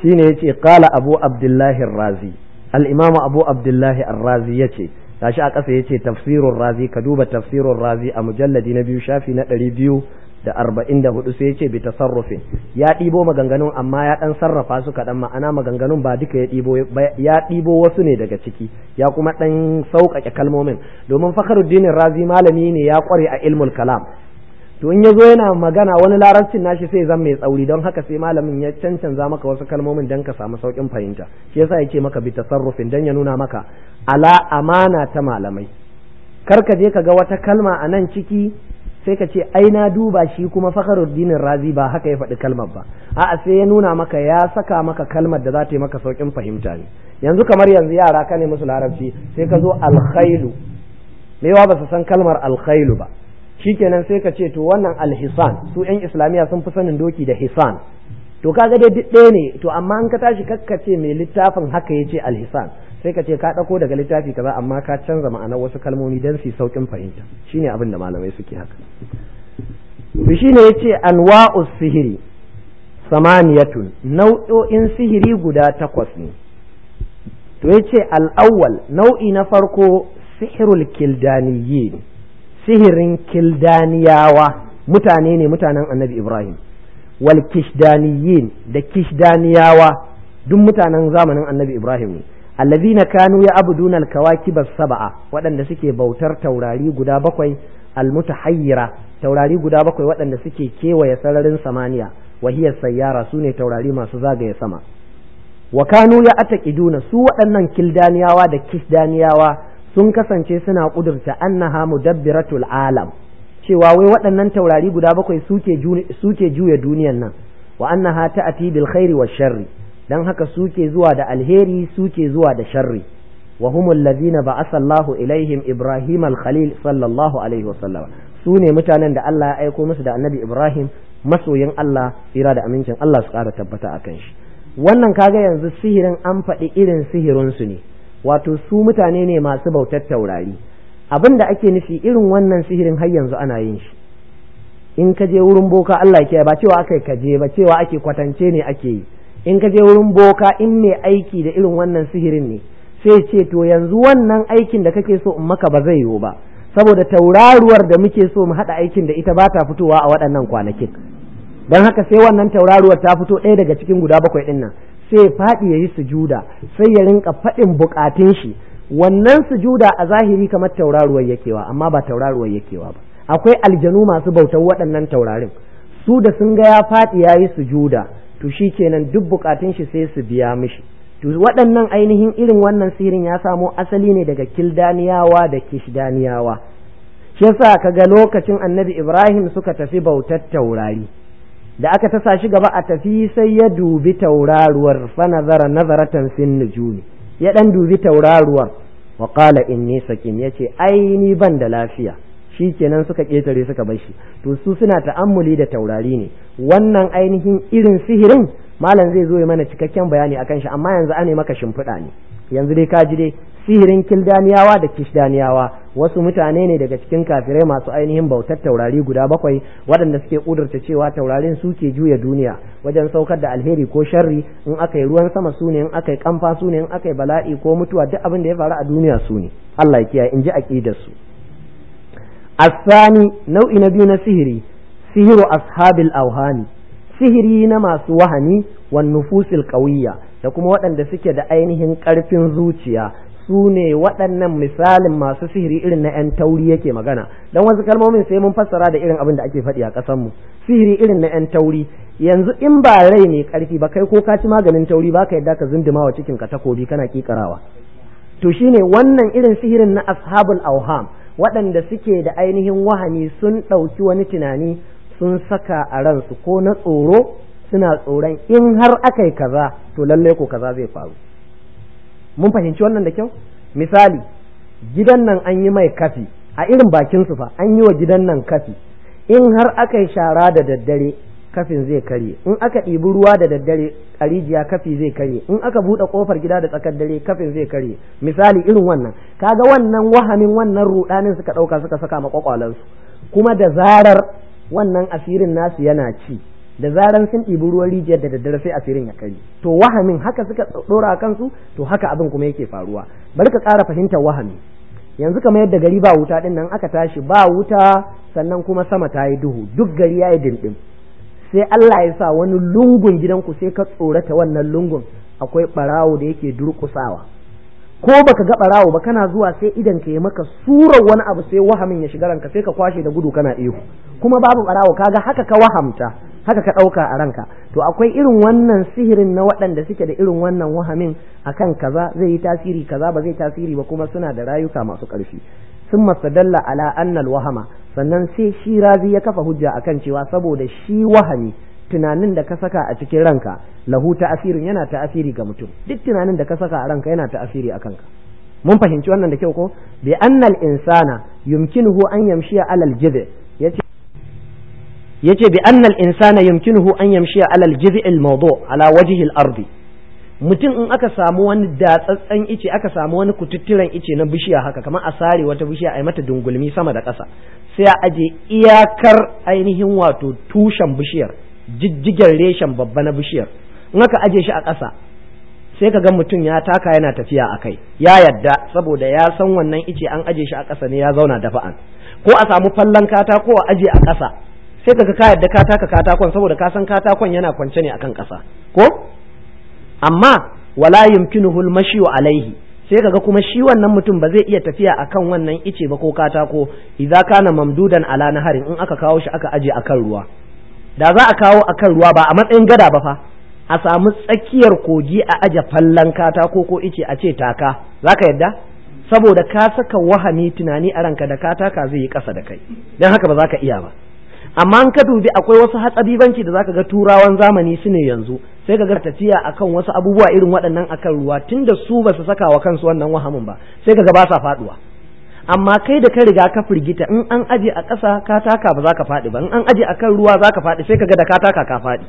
shine yace qala abu abdullahi razi al-imamu abu abdullahi ar-razi yace tashi a ƙasa yace tafsirur razi ka duba tafsirur razi a mujalladi na biyu shafi na ɗari biyu da arba'in da hudu sai yace bi tasarrufin ya ɗibo maganganun amma ya ɗan sarrafa su kaɗan ma'ana maganganun ba duka ya ɗibo ya ɗibo wasu ne daga ciki ya kuma ɗan sauƙaƙe kalmomin domin fakhruddin razi malami ne ya ƙware a ilmul kalam to in yazo yana magana wani larabcin nashi sai zan mai tsauri don haka sai malamin ya cancanza maka wasu kalmomin dan ka samu saukin fahimta shi yasa yake maka bi tasarrufin dan ya nuna maka ala amana ta malamai kar ka je ka ga wata kalma a nan ciki sai ka ce ai na duba shi kuma fakharuddinin razi ba haka ya faɗi kalmar ba a'a sai ya nuna maka ya saka maka kalmar da za ta yi maka saukin fahimta ne yanzu kamar yanzu yara ka ne musu larabci sai ka zo alkhailu mewa ba su san kalmar alkhailu ba shi kenan sai ka ce to wannan alhisan su yan islamiyya sun fi sanin doki da hisan to kaga dai duk ɗaya ne to amma in ka tashi kakkace mai littafin haka ya ce alhisan sai ka ce ka ɗauko daga littafi kaza amma ka canza ma'anar wasu kalmomi don su saukin fahimta shine abin da malamai suke haka to shine yace anwa'u sihiri samaniyatun nau'o'in sihiri guda takwas ne to yace al-awwal nau'i na farko sihirul kildaniyin sihirin kildaniyawa mutane ne mutanen annabi ibrahim wal kishdaniyin da kishdaniyawa duk mutanen zamanin annabi ibrahim ne allazina kanu ya abuduna alkawakib sab'a waɗanda suke bautar taurari guda bakwai almutahayyira taurari guda bakwai waɗanda suke kewaye sararin samaniya wahiyar sayyara sune taurari masu zagaye sama wa kanu ya atakiduna su waɗannan kildaniyawa da kishdaniyawa sun kasance suna kudurta annaha mudabbiratul alam cewa wai waɗannan taurari guda bakwai suke juya duniyar nan wa annaha ta'ati bil khairi wa sharri dan haka suke zuwa da alheri suke zuwa da sharri wa humul ladina ba'atha Allahu ilaihim Ibrahim al-Khalil sallallahu alaihi wa sallam su mutanen da Allah ya aiko musu da Annabi Ibrahim masoyin Allah tsira da amincin Allah su ƙara tabbata akan shi wannan kaga yanzu sihirin an faɗi irin sihirin su ne wato su mutane ne masu bautar taurari abin da ake nufi irin wannan sihirin har yanzu ana yin shi in ka je wurin boka Allah ke ba cewa aka ka je ba cewa ake kwatance ne ake yi in ka je wurin boka in mai aiki da irin wannan sihirin ne sai ce to yanzu wannan aikin da kake so in maka ba zai yiwu ba saboda tauraruwar da muke so mu haɗa aikin da ita ba ta fitowa a waɗannan kwanakin don haka sai wannan tauraruwar ta fito ɗaya daga cikin guda bakwai ɗinnan. sai faɗi ya yi sujuda sai ya rinka faɗin bukatun shi wannan sujuda a zahiri kamar tauraruwar yakewa amma ba tauraruwar yakewa ba akwai aljanu masu bautar waɗannan taurarin su da sun ga ya faɗi ya yi sujuda to shi kenan duk bukatun shi sai su biya mishi to waɗannan ainihin irin wannan sirin ya samo asali ne daga kildaniyawa da kishdaniyawa shi yasa ga lokacin annabi ibrahim suka tafi bautar taurari da aka tasa shi gaba a tafi sai ya dubi tauraruwar fa nazara nazaratan sin nujumi ya dan dubi tauraruwar wa qala inni sakin yace ai ni ban da lafiya shi kenan suka ketare suka bar shi to su suna ta'ammuli da taurari ne wannan ainihin irin sihirin malam zai zo ya mana cikakken bayani akan shi amma yanzu ane maka shimfiɗa ne yanzu dai ka ji dai sihirin kildaniyawa da kishdaniyawa wasu mutane ne daga cikin kafirai masu ainihin bautar taurari guda bakwai waɗanda suke ƙudurta cewa taurarin su ke juya duniya wajen saukar da alheri ko sharri in aka yi ruwan sama su ne in aka yi kamfa su ne in aka yi bala'i ko mutuwa duk abin da ya faru a duniya su ne Allah ya kiyaye in ji aqidar su asani nau'i na biyu na sihiri sihiru ashabil auhani sihiri na masu wahani wan nufusil qawiyya da kuma waɗanda suke da ainihin ƙarfin zuciya su ne waɗannan misalin masu sihiri irin na 'yan tauri yake magana don wasu kalmomin sai mun fassara da irin abin da ake faɗi a ƙasanmu sihiri irin na 'yan tauri yanzu in ba rai mai ƙarfi ba kai ko ka ci maganin tauri ba ka yadda ka zunduma wa cikin ka takobi kana kikarawa to shine wannan irin sihirin na ashabul auham waɗanda suke da ainihin wahani sun ɗauki wani tunani sun saka a ransu ko na tsoro suna tsoron in har aka yi kaza to lallai ko kaza zai faru mun fahimci wannan da kyau misali gidan nan an yi mai kafi a irin bakin su fa an yi wa gidan nan kafi in har aka yi shara da daddare kafin zai karye in aka ɗibi ruwa da daddare ƙarijiya kafi zai karye in aka buɗe ƙofar gida da tsakar dare kafin zai karye misali irin wannan kaga wannan wahamin wannan ruɗanin suka ɗauka suka saka ma kwakwalansu kuma da zarar wannan asirin nasu yana ci da zaran sun ɗibi ruwan rijiyar da daddare sai asirin ya kari to wahamin haka suka ɗora a kansu to haka abin kuma yake faruwa bari ka ƙara fahimtar wahami yanzu kamar yadda gari ba wuta ɗin nan aka tashi ba wuta sannan kuma sama ta yi duhu duk gari ya yi dimdim sai Allah ya sa wani lungun gidanku sai ka tsorata wannan lungun akwai ɓarawo da yake durƙusawa ko baka ga ɓarawo ba kana zuwa sai idan ka yi maka surar wani abu sai wahamin ya shiga ranka sai ka kwashe da gudu kana ihu kuma babu ɓarawo kaga haka ka wahamta haka ka ɗauka a ranka to akwai irin wannan sihirin na waɗanda suke da irin wannan wahamin akan kaza zai yi tasiri kaza ba zai tasiri ba kuma suna da rayuka masu ƙarfi sun dalla ala annal wahama sannan sai shi razi ya kafa hujja akan cewa saboda shi wahami tunanin da ka saka a cikin ranka lahu ta'asirin yana ta'asiri ga mutum duk tunanin da ka saka a ranka yana ta'asiri a kanka mun fahimci wannan da kyau ko bi annal insana yumkinuhu an yamshiya alal jidh yace yace bi annal insana yumkinuhu an yamshi a alal jiz'il mawdu' ala wajhi al-ardi mutum in aka samu wani datsatsan ice aka samu wani kututturen ice na bishiya haka kamar a sare wata bishiya a mata dungulmi sama da ƙasa sai a aje iyakar ainihin wato tushen bishiyar jijjigen reshen babba na bishiyar in aka aje shi a ƙasa sai ka ga mutum ya taka yana tafiya a kai ya yadda saboda ya san wannan ice an aje shi a ƙasa ne ya zauna dafa'an ko a samu fallon kata ko a aje a ƙasa sai kaga ka yadda ka taka katakon saboda ka san katakon yana kwance ne akan ƙasa ko amma wala yumkinuhu almashi mashyu alaihi sai kaga kuma shi wannan mutum ba zai iya tafiya akan wannan ice ba ko katako idza kana mamdudan ala naharin in aka kawo shi aka aje akan ruwa da za a kawo akan ruwa ba a matsayin gada ba fa a samu tsakiyar kogi a aje fallan katako ko ice a ce taka zaka yadda saboda ka saka wahami tunani a ranka da kataka zai yi ƙasa da kai don haka ba za ka iya ba amma an ka dubi akwai wasu hatsabibanci da zaka ga turawan zamani su ne yanzu sai ka ga tafiya akan wasu abubuwa irin waɗannan akan ruwa tunda su ba su saka wa kansu wannan wahamin ba sai ka ga ba sa faduwa amma kai da ka riga ka firgita in an aje a ƙasa ka taka ba za ka faɗi ba in an aje a kan ruwa za ka faɗi sai ka ga da ka taka ka faɗi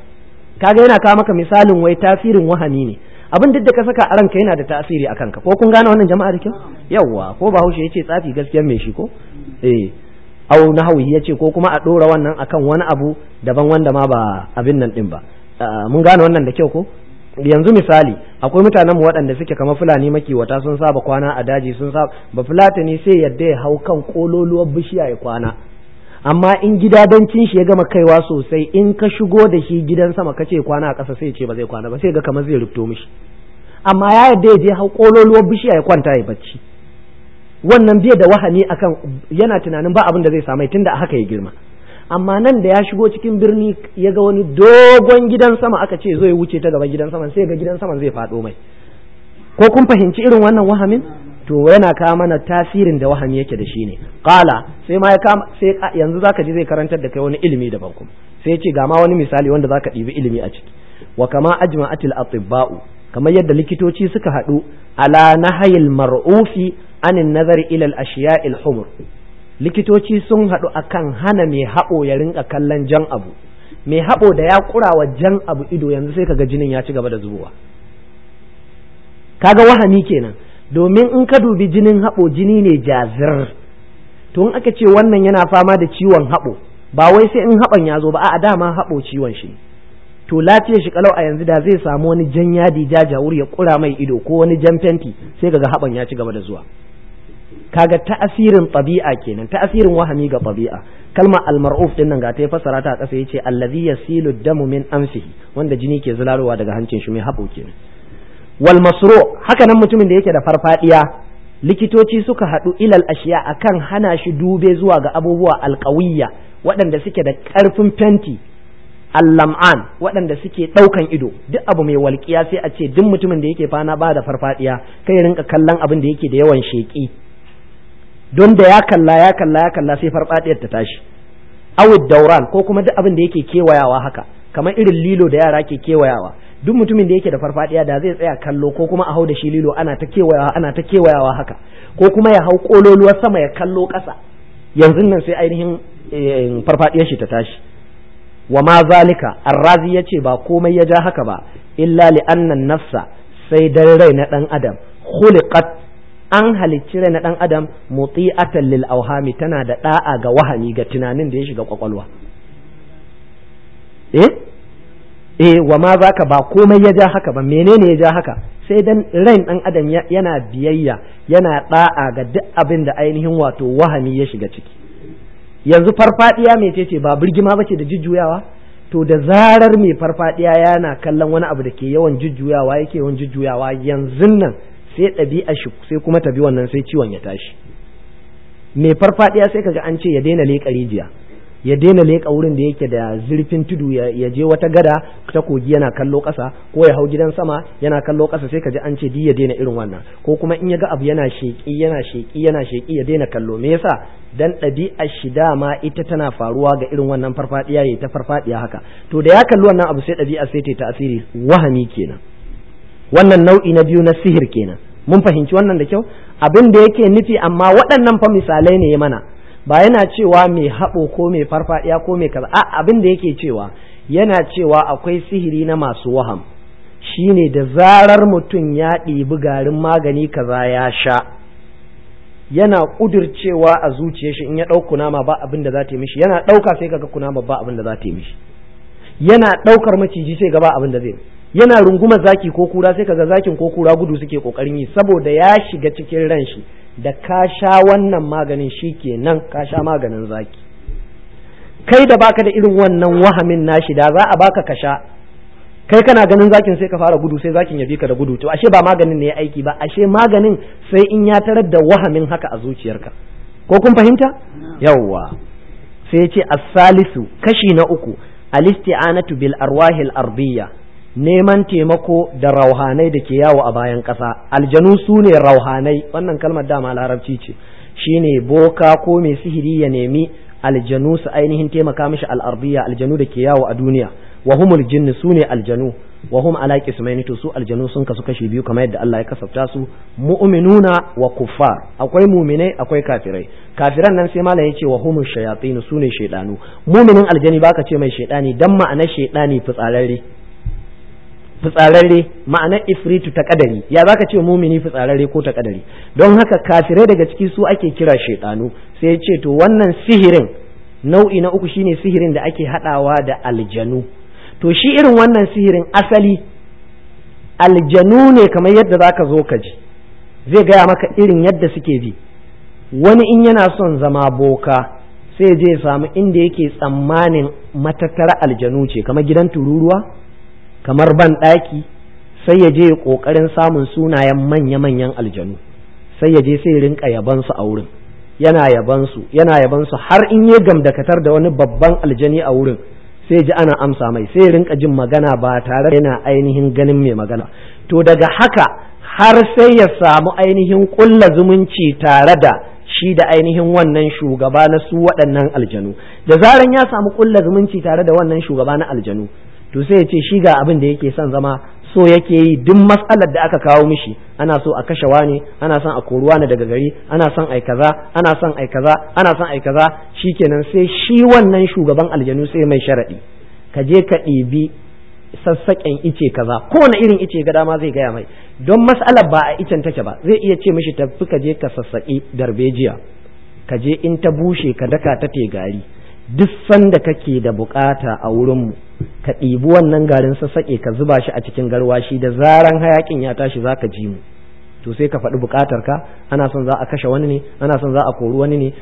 kaga yana kawo maka misalin wai tasirin wahami ne abin duk da ka saka a ranka yana da tasiri a kanka ko kun gane wannan jama'a da kyau yawwa ko bahaushe ya ce tsafi gaskiyar mai shi ko eh au nahawi yace ko kuma a dora wannan akan wani abu daban wanda ma ba abin nan din ba ah, mun gane wannan da kyau ko yanzu misali akwai mutanen mu waɗanda suke kamar fulani makiwata sun saba kwana a daji sun saba ba fulatani sai yadda ya hau kan kololuwar bishiya ya kwana amma in gida don shi ya gama kaiwa sosai in ka shigo da shi gidan sama ka ce kwana a ƙasa sai ce ba zai kwana ba sai ga kamar zai rubto mishi amma ya yadda ya je hau kololuwar bishiya ya kwanta ya bacci wannan bai da wahami akan yana tunanin ba abin da zai samai tunda a haka ya girma amma nan da ya shigo cikin birni ya ga wani dogon gidan sama aka ce zo ya wuce ta gaban gidan sama sai ga gidan sama zai faɗo mai ko kun fahimci irin wannan wahamin to yana kawo mana tasirin da wahami yake da shi ne qala sai ma ya kama sai yanzu zaka ji zai karantar da kai wani ilimi daban kuma sai ya ce ga ma wani misali wanda zaka ɗibi ilimi a ciki wa kama ajma'atil atibba'u kamar yadda likitoci suka haɗu ala nahayil mar'ufi anin nazari ilal il humur likitoci sun haɗu akan hana mai haɓo ya rinka kallon jan abu mai haɓo da ya wa jan abu ido yanzu sai kaga jinin ya ci gaba da zubowa kaga wahani kenan domin in ka dubi jinin haɓo jini ne jazir to in aka ce wannan yana fama da ciwon haɓo ba wai sai in haɓan ya zo ba a dama haɓo ciwon shi to lafiyar shi kalau a yanzu da zai samu wani jan yadi jajawur ya kura mai ido ko wani jan fenti sai kaga haɓan ya ci gaba da zuwa kaga ta'asirin tabi'a kenan ta'asirin wahami ga tabi'a kalma almar'uf din nan ga ta fassara ta kasa ƙasa yace allazi yasilu damu min amsihi wanda jini ke zularowa daga hancin shi mai haɓo kenan wal masru haka nan mutumin da yake da farfadiya likitoci suka haɗu ilal ashiya akan hana shi dube zuwa ga abubuwa alƙawiyya waɗanda suke da ƙarfin fenti allam'an waɗanda suke ɗaukan ido duk abu mai walƙiya sai a ce duk mutumin da yake fana ba da farfadiya kai rinka kallon abin da yake da yawan sheƙi don da ya kalla ya kalla ya kalla sai farfadiyar ta tashi awid dauran ko kuma duk abin da yake kewayawa haka kamar irin lilo da yara ke kewayawa duk mutumin da yake da farfadiya da zai tsaya kallo ko kuma a hau da shi lilo ana ta kewayawa ana ta kewayawa haka ko kuma ya hau kololuwar sama ya kallo ƙasa yanzu nan sai ainihin eh, farfadiyar shi ta tashi wa ma zalika arrazi yace ba komai ya ja haka ba illa li annan nafsa sai dan rai na dan adam khuliqat an halicci rai na ɗan adam motsi lil auhami tana da ɗa'a ga wahami ga tunanin da ya shiga kwakwalwa eh eh wa ma za ka ba komai ya ja haka ba menene ya ja haka sai dan ran ɗan adam yana biyayya yana ɗa'a ga duk abin da ainihin wato wahami ya shiga ciki yanzu farfadiya ce ba birgima ce da jujjuyawa to da zarar mai farfadiya yana kallon wani abu da ke yawan jujjuyawa yake yawan jujjuyawa yanzun nan sai ɗabi'a shi sai kuma tabi wannan sai ciwon ya tashi mai farfadiya sai kaga an ce ya daina leƙa rijiya ya daina leƙa wurin da yake da zurfin tudu ya je wata gada ta kogi yana kallo ƙasa ko ya hau gidan sama yana kallo ƙasa sai kaji an ce di ya daina irin wannan ko kuma in ya ga abu yana sheƙi yana sheƙi yana sheƙi ya daina kallo me yasa dan ɗabi'ar shi dama ita tana faruwa ga irin wannan farfadiya yayi ta farfadiya haka to da ya kalli wannan abu sai ɗabi'a sai ta tasiri wahami kenan wannan nau'i na biyu na sihir kenan mun fahimci wannan da kyau abin da yake nufi amma waɗannan fa misalai ne mana ba yana cewa mai haɓo ko mai farfaɗiya ko mai kaza abin da yake cewa yana cewa akwai sihiri na masu waham shine da zarar mutum ya ɗibi garin magani kaza ya sha yana ƙudircewa a zuciyar shi in ya ɗau kunama ba abin da za ta yi mishi yana ɗauka sai kaga kunama ba abin da za ta yi mishi yana ɗaukar maciji sai gaba abin da zai yana runguma zaki ko kura sai kaga zakin ko kura gudu suke kokarin yi saboda ya shiga cikin ran shi da ka sha wannan maganin shikenan ka sha maganin zaki kai da baka da irin wannan wahamin nashi da za a baka ka sha kai kana ganin zakin sai ka fara gudu sai zakin ya bi ka da gudu to ashe ba maganin ne ya aiki ba ashe maganin sai in ya tarar da wahamin haka a zuciyarka ko kun fahimta yawwa sai ya ce as-salisu kashi na uku al bil arwahil ardiyya neman taimako da rauhanai da ke yawo a bayan ƙasa aljanu su ne rauhanai wannan kalmar dama larabci ce shine boka ko mai sihiri ya nemi aljanu su ainihin taimaka mishi al'arbiya aljanu da ke yawo a duniya wa jinni su ne aljanu wa hum ala qismaini to su aljanu sun kasu kashi biyu kamar yadda Allah ya kasafta su mu'minuna wa kuffar akwai mu'minai akwai kafirai kafiran nan sai malam yace wa humush shayatin su ne shaydanu mu'minin aljani baka ce mai shaydani dan ma'anar shaydani fitsararre fitsararre ma'anar ifritu ta kadari ya zaka ce mumini fitsararre ko ta kadari don haka kafirai daga ciki su ake kira shaiɗanu, sai ya ce to wannan sihirin nau'i na uku shine sihirin da ake hadawa da aljanu to shi irin wannan sihirin asali aljanu ne kamar yadda zaka zo ka ji zai gaya maka irin yadda suke ji. wani in yana son zama boka sai je ya samu inda yake tsammanin matattar aljanu ce kamar gidan tururuwa kamar ban ɗaki sai ya je ƙoƙarin samun sunayen manya-manyan aljanu sai ya je sai rinka yabansu a wurin yana yabansu yana su har in ya gamdakatar da wani babban aljani a wurin sai ji ana amsa mai sai rinka jin magana ba tare da yana ainihin ganin mai magana to daga haka har sai ya samu ainihin ƙulla zumunci tare da shi da ainihin wannan shugaba na su waɗannan aljanu da zaran ya samu ƙulla zumunci tare da wannan shugaba na aljanu to sai ya ce shi ga abin da yake son zama so yake yi duk matsalar da aka kawo mishi ana so a kashe wani ana son a kori wani daga gari ana son ai kaza ana son ai kaza ana son ai kaza shikenan sai shi wannan shugaban aljanu sai mai sharadi ka je ka ɗibi sassaƙen ice kaza kowane irin ice ga dama zai gaya mai don matsalar ba a icen take ba zai iya ce mishi tafi ka je ka sassaƙi darbejiya ka je in ta bushe ka daka ta tegari duk sanda kake da bukata a wurinmu ka ɗibi wannan garin sassaƙe ka zuba shi a cikin garwashi da zaran hayakin ya tashi za ka ji mu to sai ka faɗi buƙatar ka ana son za a kashe wani ne ana son za a kori wani ne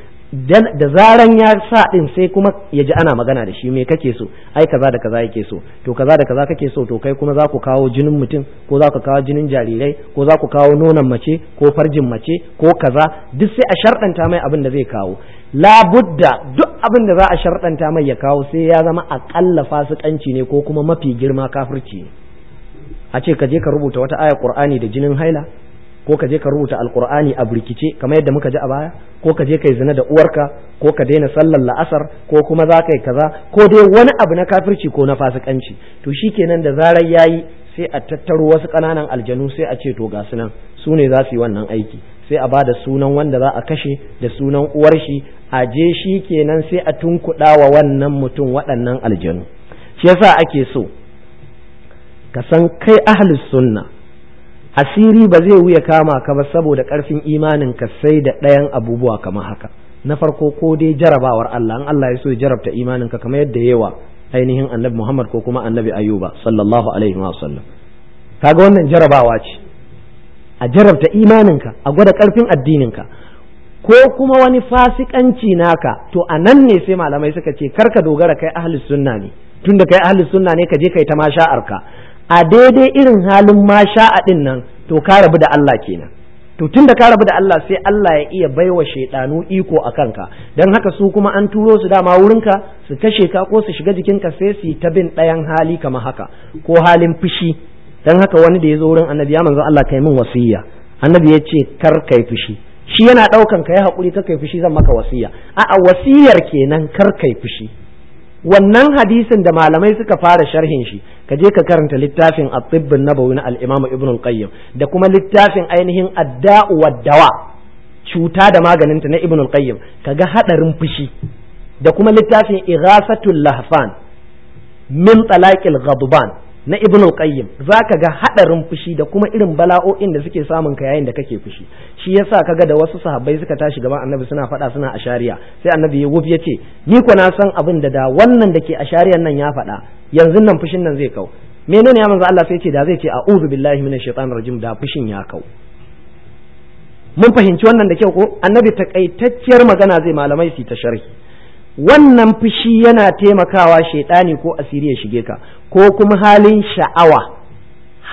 da zaran ya sa ɗin sai kuma ya ji ana magana da shi me kake so ai kaza da kaza yake so to kaza da kaza kake so to kai kuma za ku kawo jinin mutum ko za ku kawo jinin jarirai ko za ku kawo nonon mace ko farjin mace ko kaza duk sai a sharɗanta mai abin da zai kawo labudda duk abin da za a sharɗanta mai ya kawo sai ya zama aƙalla fasikanci ne ko kuma mafi girma kafirci ne a ce ka je ka rubuta wata ay'ar qur'ani da jinin haila ko ka je ka rubuta alqur'ani a burkice kamar yadda muka ji a baya ko ka je kai zina da uwarka ko ka daina sallar la'asar ko kuma za ka yi kaza ko dai wani abu na kafirci ko na fasikanci to shi shikenan da zarar yayi sai a tattaro wasu ƙananan aljanu sai a ce to ga su nan su ne za su yi wannan aiki sai a bada sunan wanda za a kashe da sunan uwar shi a je shi kenan sai a tunkuɗa wa wannan mutum waɗannan aljanu shi yasa ake so ka san kai ahlus sunna asiri ba zai wuya kama ka ba saboda ƙarfin imanin ka sai da ɗayan abubuwa kamar haka na farko ko dai jarabawar Allah in Allah ya so ya jarabta imanin ka kamar yadda yawa ainihin annabi Muhammad ko kuma annabi Ayuba sallallahu alaihi wa sallam kaga wannan jarabawa ce a jarabta imaninka a gwada ƙarfin addininka ko kuma wani fasikanci naka to a nan ne sai malamai suka ce karka dogara kai ahli sunna ne tunda kai ahli sunna ne ka je kai ta masha'arka a daidai irin halin masha'a din nan to ka rabu da Allah kenan to tunda ka rabu da Allah sai Allah ya iya baiwa shaidanu iko a kanka Don haka su kuma an turo su dama wurinka su kashe ka ko su shiga jikinka sai su yi ta bin ɗayan hali kamar haka ko halin fushi dan haka wani da ya zo wurin annabi ya manzo Allah kai min wasiyya. annabi ya ce kar kai fushi shi yana daukan kai hakuri kar kai fushi zan maka wasiya a'a wasiyar kenan kar kai fushi wannan hadisin da malamai suka fara sharhin shi ka je ka karanta littafin at-tibb an-nabawi na al-imam ibn al-qayyim da kuma littafin ainihin ad-da'u wad-dawa cuta da maganinta na ibn al-qayyim kaga hadarin fushi da kuma littafin ighasatul lahfan min talaqil ghadban na ibnu qayyim zaka ga hadarin fushi da kuma irin bala'o'in da suke samun ka yayin da kake fushi shi yasa kaga da wasu sahabbai suka tashi gaban annabi suna faɗa suna ashariya sai annabi ya wuf yace ni ko na san abin da da wannan da ke ashariyan nan ya faɗa yanzu nan fushin nan zai kau menene ya manzo Allah sai ce da zai ce a'udhu billahi minash shaitanir rajim da fushin ya kau mun fahimci wannan da kyau ko annabi takaitacciyar magana zai malamai su ta sharhi wannan fushi yana taimakawa shaitani ko asiri ya shige ka ko kuma halin sha'awa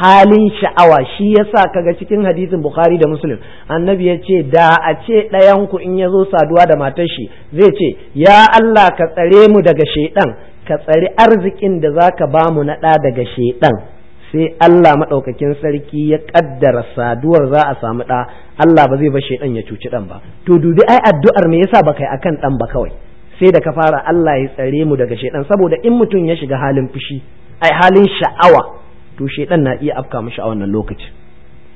halin sha'awa shi yasa kaga cikin hadisin bukhari da muslim annabi ya ce da a ce ɗayanku in ya zo saduwa da matar shi zai ce ya allah ka tsare mu daga shaidan ka tsari arzikin da za ka ba mu naɗa daga shaidan sai allah maɗaukakin sarki ya ƙaddara saduwar za a samu ɗa allah ba zai ba shaidan ya cuci ɗan ba to dubi ai addu'ar me yasa baka yi akan ɗan ba kawai sai da ka fara allah ya tsare mu daga shaidan saboda in mutum ya shiga halin fushi A halin sha'awa to shaidan na iya afka mishi a wannan lokacin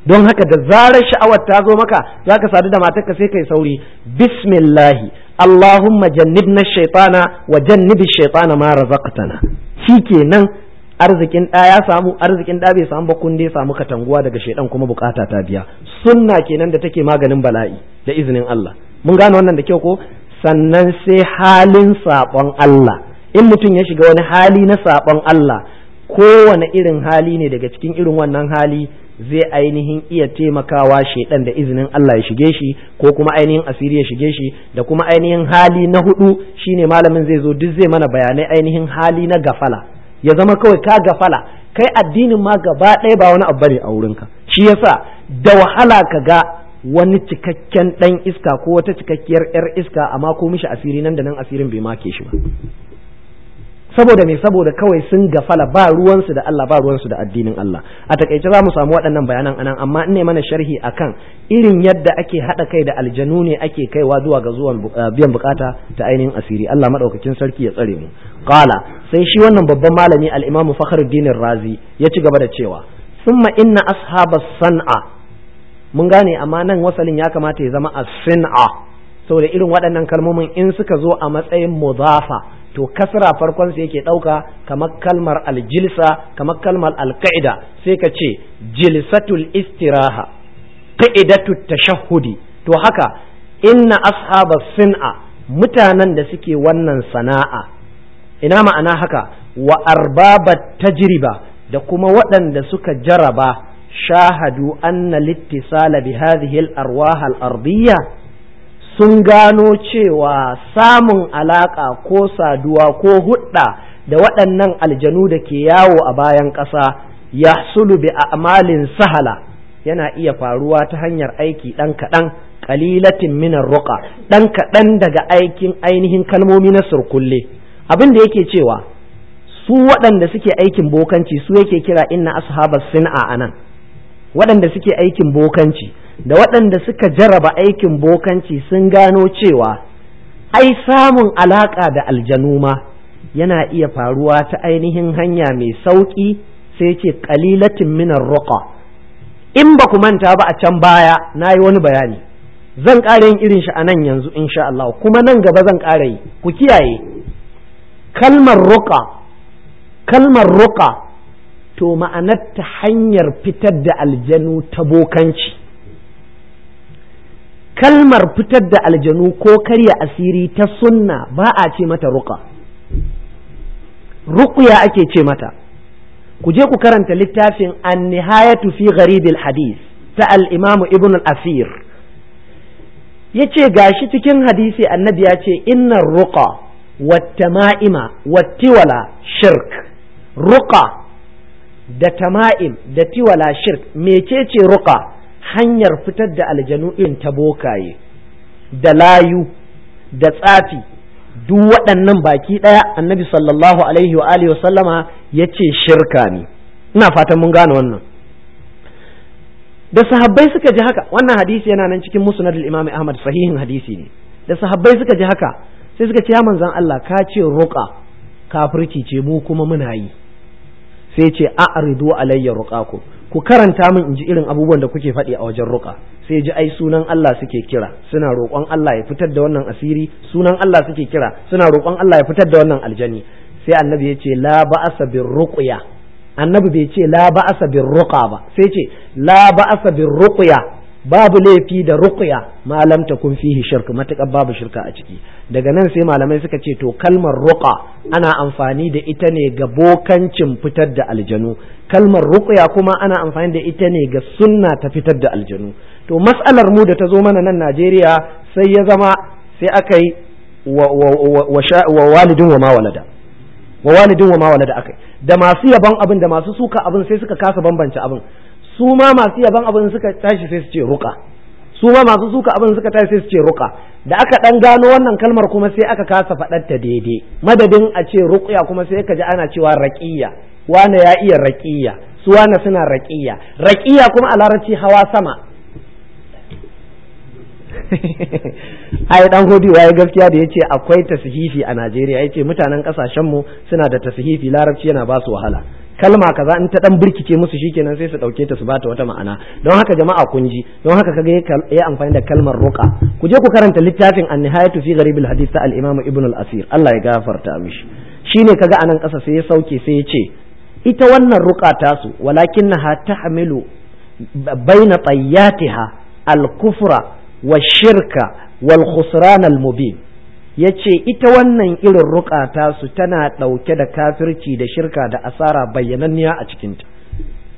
don haka da zarar sha'awar ta zo maka zaka sadu da ka sai kai sauri bismillahi allahumma jannibna shaytana wa jannibi shaytana ma razaqtana shikenan arzikin ɗa ya samu arzikin ɗa bai samu ba kun dai samu katanguwa daga shaidan kuma bukata ta biya sunna kenan da take maganin bala'i da izinin Allah mun gane wannan da kyau ko sannan sai halin saɓon Allah in mutum ya shiga wani hali na saɓon Allah kowane irin hali ne daga cikin irin wannan hali zai ainihin iya taimakawa shaidan da izinin Allah ya shige shi ko kuma ainihin asiri ya shige shi da kuma ainihin hali na hudu shine malamin zai zo duk zai mana bayanai ainihin hali na gafala ya zama kawai ka gafala kai addinin ma gaba ɗaya ba wani abu ne a ka. shi yasa da wahala ka ga wani cikakken dan iska ko wata cikakkiyar yar iska amma ko mishi asiri nan da nan asirin bai make shi ba saboda mai saboda kawai sun gafala ba ruwansu da Allah ba ruwansu da addinin Allah a takaice za mu samu waɗannan bayanan anan amma in ne mana sharhi akan irin yadda ake haɗa kai da aljanu ne ake kaiwa zuwa ga zuwan ah, biyan bukata ta ainihin asiri Allah madaukakin sarki ya tsare mu qala sai shi wannan babban malami al-Imam Fakhruddin Razi ya ci gaba da cewa summa inna ashabas san'a mun gane amma nan wasalin ya kamata ya zama as-sin'a saboda irin waɗannan kalmomin in suka zo a matsayin mudafa to kasra farkon sa yake dauka kamar kalmar aljilsa kamar kalmar alqaida sai ka ce jilsatul istiraha qaidatut tashahhudi to haka inna ashaba sin'a mutanen da suke wannan sana'a ina ma'ana haka wa arbabat tajriba da kuma waɗanda suka jaraba shahadu anna littisala bi hadhihi al-arwah al-ardiyya sun gano cewa samun alaƙa ko saduwa ko hudda da waɗannan aljanu da ke yawo a bayan ƙasa ya sulu bi amalin sahala yana iya faruwa ta hanyar aiki ɗan kaɗan ƙalilatin minar ruƙa ɗan kaɗan daga aikin ainihin kalmomi na surkulle abin da yake cewa su waɗanda suke aikin bokanci su yake kira inna ashabar sin'a a nan. waɗanda suke aikin bokanci da waɗanda suka jaraba aikin bokanci sun gano cewa ai samun alaƙa da aljanu ma yana iya faruwa ta ainihin hanya mai sauƙi sai ce ƙalilatin minar roƙa in ba ku manta ba a can baya na yi wani bayani zan ƙara yin irin shi a nan yanzu insha Allah kuma nan gaba zan ƙara yi ku kiyaye kalmar roƙa kalmar roƙa to ma'anar ta hanyar fitar da aljanu ta bokanci kalmar fitar da aljanu ko karya asiri ta sunna ba a ce mata ruka ruqya ake ce mata ku je ku karanta littafin an-nihayatu fi gharibil hadis ta al-imam ibn al-asir yace gashi cikin hadisi annabi ya ce innan ruqa wat ma'ima, wat shirk ruƙa. da tama'im da tiwala shirk mecece ruqa hanyar fitar da aljanu in ta bokaye da layu da tsafi duk waɗannan baki ɗaya annabi sallallahu alaihi wa alihi sallama ya ce shirka ne ina fatan mun gane wannan da sahabbai suka ji haka wannan hadisi yana nan cikin musnad al-imam ahmad sahihin hadisi ne da sahabbai suka ji haka sai suka ce ya manzon Allah ka ce ruqa kafirci ce mu kuma muna yi sai ce a a'ridu alayya ruqaku ku karanta min in ji irin abubuwan da kuke faɗi a wajen ruqa sai ji ai sunan Allah suke kira suna roƙon Allah ya fitar da wannan asiri sunan Allah suke kira suna roƙon Allah ya fitar da wannan aljani sai annabi ya ce la ba'asa bir ruqya annabi bai ce la ba'asa bir ruqa ba sai ce la ba'asa bir ruqya babu laifi da ruqya ma lam takun fihi shirk matakar babu shirka a ciki daga nan sai malamai suka ce to kalmar ruqa ana amfani da ita ne ga bokancin fitar da aljanu kalmar ruqya kuma ana amfani da ita ne ga sunna ta fitar da aljanu to mas'alar mu da ta zo mana nan Najeriya sai ya zama sai aka yi wa walidin wa ma walada wa walidin wa ma walada akai da masu yaban abin da masu suka abin sai suka kasa bambance abin su ma masu yaban abin suka tashi sai su ce ruka su ma masu suka abin suka tashi sai su ce ruka da aka dan gano wannan kalmar kuma sai aka kasa faɗar ta daidai madadin a ce ruqya kuma sai ka ji ana cewa raqiya wane ya iya raqiya su wane suna raqiya raqiya kuma a larabci hawa sama ai dan hodi waye gaskiya da yace akwai tashifi a Najeriya yace mutanen kasashen mu suna da tashifi larabci yana ba su wahala kalma kaza in ta dan birkice musu shikenan sai su dauke ta su bata wata ma'ana don haka jama'a kun ji don haka kaga ya amfani da kalmar ruqa ku je ku karanta littafin an-nihayatu fi gharibil hadith ta al-imam ibn al-asir Allah ya gafarta mishi shine kaga anan kasa sai ya sauke sai ya ce ita wannan ruqa tasu walakinnaha tahmilu baina tayyatiha al-kufra wa shirka wal-khusran al-mubin ya ce ita wannan irin ruƙa su tana ɗauke da kafirci da shirka da asara bayyananniya a cikinta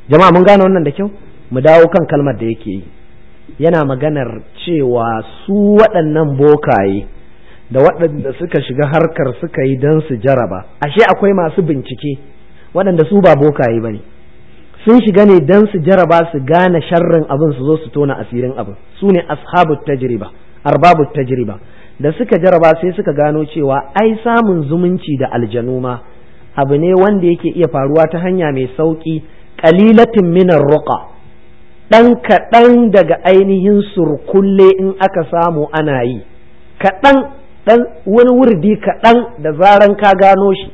jama'a mun gane wannan da kyau mu dawo kan kalmar da yake yi yana maganar cewa su waɗannan bokaye da waɗanda suka shiga harkar suka yi don su jaraba ashe akwai masu bincike waɗanda su ba bokaye ba ne sun shiga ne don su jaraba su gane sharrin abin su zo su tona asirin abin su ne ashabu tajriba arbabu tajriba da suka jaraba sai suka gano cewa ai samun zumunci da aljanu ma abu ne wanda yake iya faruwa ta hanya mai sauƙi kalilatin minar ruqa ɗan kaɗan daga ainihin surkulle in aka samu ana yi kaɗan wani wurdi kaɗan da zaran ka gano shi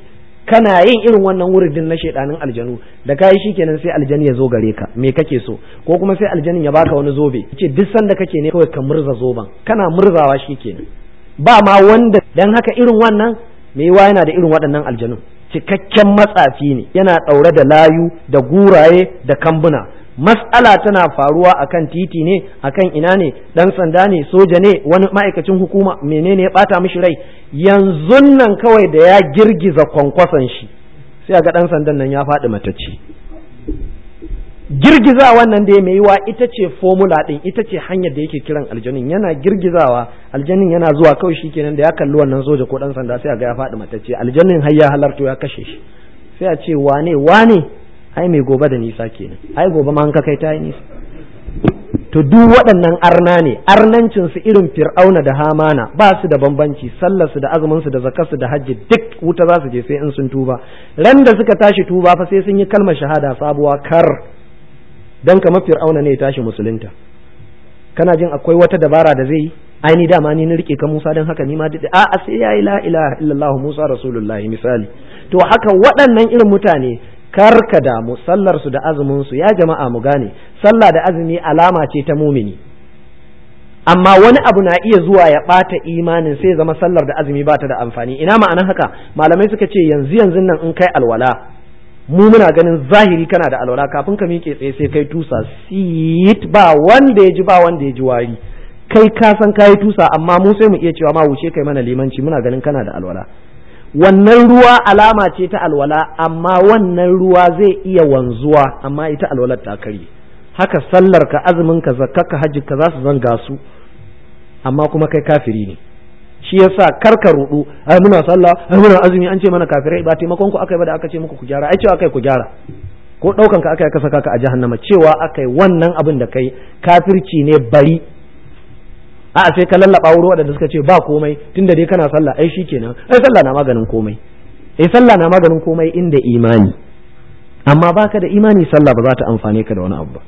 kana yin irin wannan wuridin na shaidanin aljanu da kayi kenan sai aljani ya zo gare ka me kake so ko kuma sai aljanin ya baka wani zobe ce duk sanda kake ne kawai ka murza zoban kana murzawa shi shikenan ba ma wanda dan haka irin wannan mai wa yana da irin waɗannan aljanun cikakken matsafi ne yana ɗaure da layu da guraye da kambuna matsala tana faruwa akan titi ne akan ina ne dan sanda ne soja ne wani ma'aikacin hukuma menene ya bata mishi rai yanzu nan kawai da ya girgiza kwankwason shi sai ga dan sandan nan ya faɗi matacci. girgizawa nan da ya mai yiwa ita ce formula din ita ce hanyar da yake kiran aljanin yana girgizawa aljanin yana zuwa kawai kenan da ya kalli wannan soja ko dan sanda sai a ga ya faɗi matacce aljanin har ya halarto ya kashe shi sai a ce wane wane ai mai gobe da nisa kenan ai gobe ma an kai ta yi nisa to duk waɗannan arna ne arnancin su irin fir'auna da hamana ba su da bambanci sallar su da azumin su da zakar su da hajji duk wuta za su je sai in sun tuba ran da suka tashi tuba fa sai sun yi kalmar shahada sabuwa kar dan kamar auna ne ya tashi musulunta kana jin akwai wata dabara da zai yi ai ni dama ni na rike ka Musa dan haka ni ma duk a a sai ya la ilaha illallah Musa rasulullahi misali to haka waɗannan irin mutane kar ka damu sallar su da azumin su ya jama'a mu gane sallah da azumi alama ce ta mumini amma wani abu na iya zuwa ya bata imanin sai zama sallar da azumi bata da amfani ina ma'anan haka malamai suka ce yanzu yanzu nan in kai alwala mu muna ganin zahiri kana da alwala kafin ka miƙe tsaye sai kai tusa sit ba wanda ya ji ba wanda ya ji wari kai ka san kayi tusa amma mu sai mu iya cewa ma wuce kai mana limanci muna ganin kana da alwala wannan ruwa alama ce ta alwala amma wannan ruwa zai iya wanzuwa amma ita alwalar ta karye haka sallar ka azumin ka ka hajji ka za su zanga su amma kuma kai kafiri ne shi yasa karka rudu ai muna sallah ai muna azumi an ce mana kafirai ba taimakon ku akai ba da aka ce muku ku gyara ai cewa akai ku gyara ko daukan ka akai ka saka ka a jahannama cewa akai wannan abin da kai kafirci ne bari a sai ka lallaba wuri waɗanda suka ce ba komai tunda dai kana sallah ai shikenan ai sallah na maganin komai ai eh, sallah na maganin komai inda imani amma baka da imani sallah ba za ta amfane ka da wani abu ba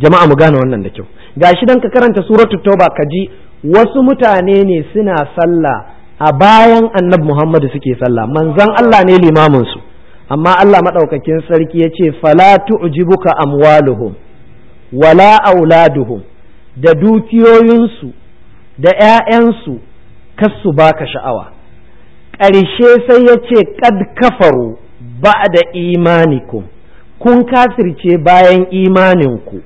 jama'a mu gane wannan da kyau gashi dan ka karanta suratul tauba ka ji wasu mutane ne suna sallah a bayan annabi Muhammadu suke sallah manzon Allah ne limamin amma Allah maɗaukakin sarki ya ce fala tu'jibuka amwaluhu, wala auladuhu, da dukiyoyinsu da ‘ya'yansu kasu baka sha'awa ƙarshe sai ya ce ƙad kafaru ba da imanikum kun kasirce bayan imaninku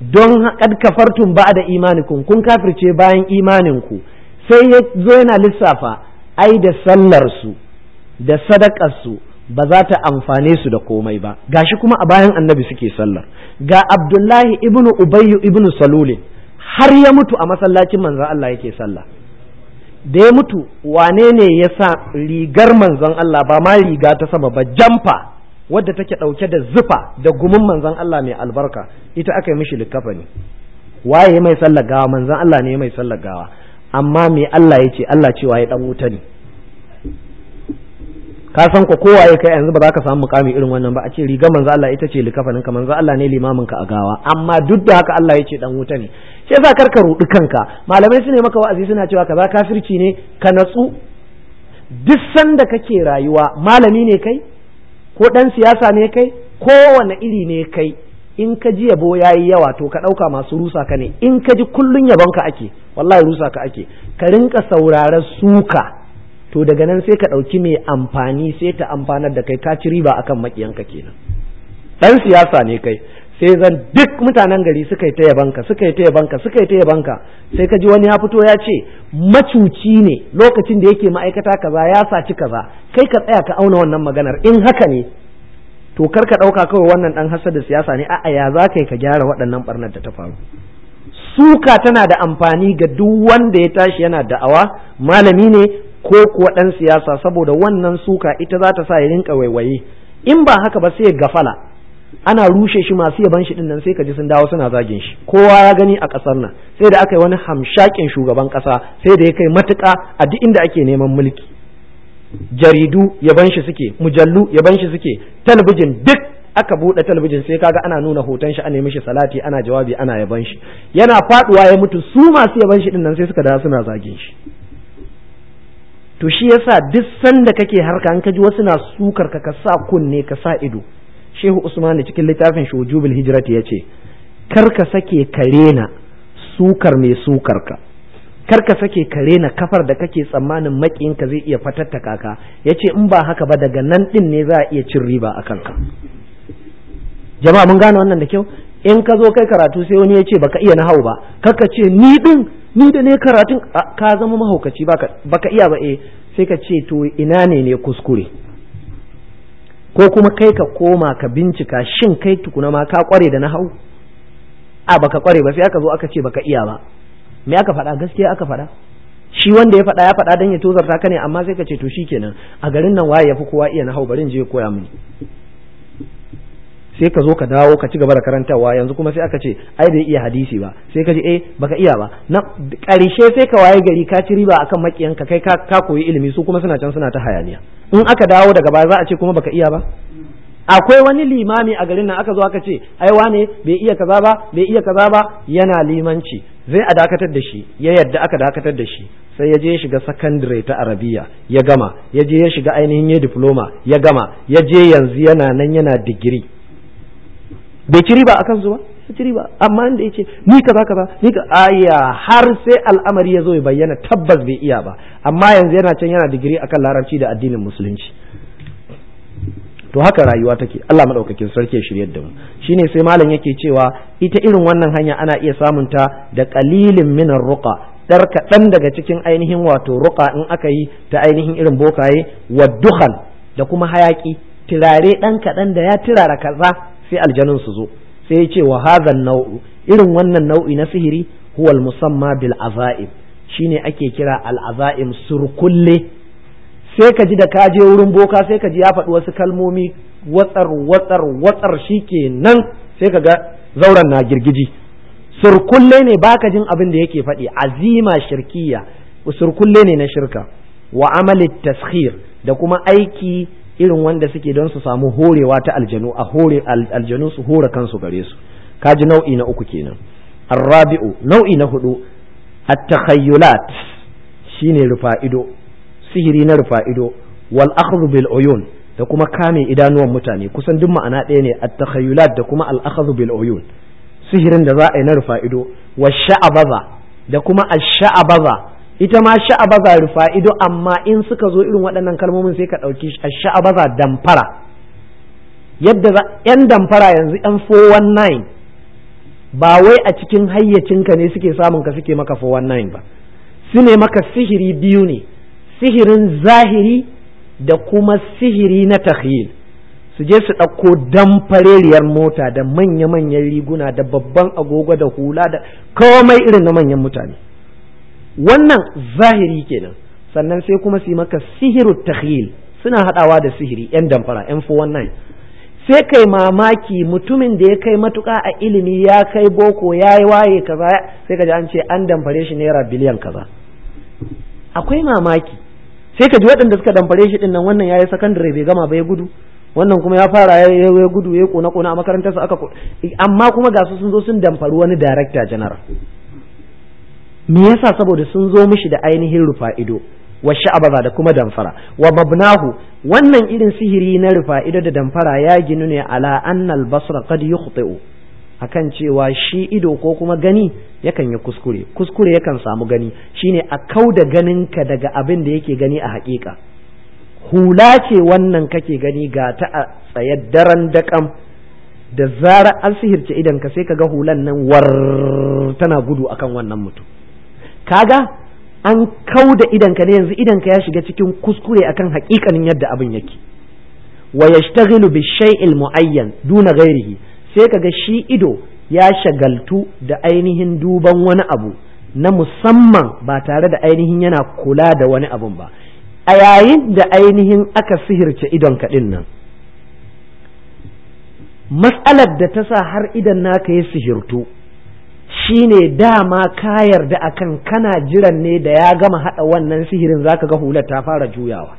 don kad kafartum da imani kun kafirce bayan imaninku sai ya zo yana lissafa ai da sallar su da sadakarsu su ba za ta amfane su da komai ba gashi kuma a bayan annabi suke sallar ga abdullahi ibnu ubayyu ibnu salulin har ya mutu a masallacin manzon Allah yake sallah da ya mutu wane ne ya sa rigar manzon Allah ba ma riga ta sama ba jamfa wadda take ɗauke da zufa da gumin manzon Allah mai albarka ita aka yi mishi likafani waye mai sallar gawa manzon Allah ne mai sallar gawa amma mai Allah ya ce Allah cewa ya dan wuta ne ka san ko kowa ya kai yanzu ba za ka samu mukami irin wannan ba a ce riga manzan Allah ita ce likafanin ka manzan Allah ne limamin ka a gawa amma duk da haka Allah ya ce dan wuta ne shi yasa kar ka rudi kanka malamai su ne maka wa'azi suna cewa kaza kafirci ne ka natsu duk sanda kake rayuwa malami ne kai ko ɗan siyasa ne kai kowane iri ne kai in ka ji yabo ya yi yawa to ka ɗauka masu rusa ka ne in ka ji kullum yabon ka ake wallahi rusa ka ake ka rinka saurara suka to daga nan sai ka ɗauki mai amfani sai ta amfanar da kai ka ci riba akan maƙiyanka kenan ɗan siyasa ne kai sai zan duk mutanen gari suka yi ta yabanka suka yi ta yabanka suka yi ta yabanka sai ka ji wani ya fito ya ce macuci ne lokacin da yake ma'aikata kaza ya saci kaza kai ka tsaya ka auna wannan maganar in haka ne to kar ka ɗauka kawai wannan ɗan hasar da siyasa ne a'a ya za ka yi ka gyara waɗannan ɓarnar da ta faru suka tana da amfani ga duk wanda ya tashi yana da'awa malami ne ko kuwa ɗan siyasa saboda wannan suka ita za ta sa ya rinka waiwaye in ba haka ba sai ya gafala ana rushe shi masu yaban shi dinnan sai ka ji sun dawo suna zagin shi kowa ya gani a kasar nan sai da aka yi wani hamshakin shugaban kasa sai da ya kai matuka a duk inda ake neman mulki jaridu yaban shi suke mujallu yaban shi suke talabijin duk aka bude talabijin sai kaga ana nuna hoton shi ana mishi salati ana jawabi ana yaban shi yana faduwa ya mutu su masu yaban shi dinnan sai suka dawo suna zagin shi to shi yasa duk sanda kake harka an ka ji wasu na sukar ka ka sa kunne ka sa ido shehu usman cikin littafin shujubul hijrat ya ce kar sake kare na sukar mai sukar ka kar sake kare na kafar da kake tsammanin makiyinka zai iya fatattaka ya yace in ba haka ba daga nan din ne za a iya cin riba a kanka jama'a mun gane wannan da kyau in ka zo kai karatu sai wani ya ce baka iya na nahau ba kaka ce ni din ni da ne karatun ka zama mahaukaci baka iya ba eh sai ka ce to ina ne ne kuskure ko kuma kai ka koma ka bincika shin kai tukuna ma ka kware da na hau? a baka kware ba sai aka zo aka ce baka iya ba me aka faɗa gaskiya aka faɗa shi wanda ya faɗa ya faɗa dan ya tozarta ka ne amma sai ka ce to shikenan a garin nan waye yafi kowa iya nahau bari barin je koya mini sai ka zo ka dawo ka ci gaba da karantawa yanzu kuma sai aka ce ai bai iya hadisi ba sai ka ji eh baka iya ba na karshe sai ka waye gari ka ci riba akan makiyan ka kai ka koyi ilimi su kuma suna can suna ta hayaniya in aka dawo daga baya za a ce kuma baka iya ba akwai wani limami a garin nan aka zo aka ce ai wane bai iya kaza ba bai iya kaza ba yana limanci zai a dakatar da shi ya yadda aka dakatar da shi sai ya je ya shiga secondary ta arabiya ya gama ya je ya shiga ainihin ya diploma ya gama ya je yanzu yana nan yana digiri bai ciri ba akan kansu ba ciri ba amma inda ce ni kaza kaza ni ka aya har sai al'amari ya zo ya bayyana tabbas bai iya ba amma yanzu yana can yana digiri akan larabci da addinin musulunci to haka rayuwa take Allah madaukakin sarki ya shiryar da mu shine sai malam yake cewa ita irin wannan hanya ana iya samun ta da qalilin minan ruqa dar kaɗan daga cikin ainihin wato ruqa in aka yi ta ainihin irin bokaye wa dukhal da kuma hayaki Tirare ɗan kaɗan da ya turara kaza sai aljanun su zo sai ya ce wa nau'u irin wannan nau'i na sihiri huwa musamma bil aza'im shine ake kira al azaim surkulle sai ka ji da ka je wurin boka sai ka ji ya faɗi wasu kalmomi watsar watsar watsar nan sai ka ga zauren na girgiji surkulle ne baka jin abin da yake faɗi azima shirkiya surkulle ne na shirka wa amalit tashir da kuma aiki irin wanda suke don su samu horewa ta aljanu a hore aljanu su hore kansu gare su kaji nau'i na uku kenan arrabi'u nau'i na hudu at-takhayyulat shine rufa'ido sihiri na rufa'ido wal akhdhu bil uyun da kuma kame idanuwan mutane kusan duk ma'ana ɗaya ne at-takhayyulat da kuma al akhdhu bil uyun sihirin da za a yi na rufa'ido wa sha'abaza da kuma ash-sha'abaza ita ma sha'abaza rufa ido amma in suka zo irin waɗannan kalmomin sai ka ɗauki a sha'abaza damfara yadda za yan damfara yanzu yan 419 ba wai a cikin hayyacinka ne suke samun ka suke maka 419 ba su ne maka sihiri biyu ne sihirin zahiri da kuma sihiri na tahil su je su ɗauko damfareriyar mota da manya-manyan riguna da babban agogo da hula da komai irin na manyan mutane wannan zahiri kenan sannan sai kuma su yi maka sihiru takhil suna hadawa da sihiri yan damfara yan 419 sai kai mamaki mutumin da ya kai matuka a ilimi ya kai boko ya yi waye kaza sai ka ji an ce an damfare shi naira biliyan kaza akwai mamaki sai ka ji waɗanda suka damfare shi din nan wannan yi sakandare bai gama ba gudu wannan kuma ya fara ya gudu ya kona kona a makarantarsa aka amma kuma ga su sun zo sun damfari wani director general me yasa saboda sun zo mishi da ainihin rufa ido wa sha'abaza da kuma damfara wa mabnahu wannan irin sihiri na rufa ido da damfara ya ginu ne ala annal basra qad yukhti'u akan cewa shi ido ko kuma gani yakan yi kuskure kuskure yakan samu gani shine a ganin ganinka daga abin da yake gani a haƙiƙa hula ce wannan kake gani ga ta a tsaye daren daƙam da zarar an sihirce idan ka sai ka ga hulan nan war tana gudu akan wannan mutum kaga an kau da idanka ne yanzu idanka ya shiga cikin kuskure akan hakikanin yadda abin yake wa yashtaghilu bi shay'il muayyan duna ghairihi sai kaga shi ido ya shagaltu da ainihin duban wani abu na musamman ba tare da ainihin yana kula da wani abun ba a yayin da ainihin aka sihirce idon kaɗin nan matsalar da ta sa har idan naka ya sihirtu shine dama ka yarda akan kana jiran ne da ya gama haɗa wannan sihirin zaka ga hular ta fara juyawa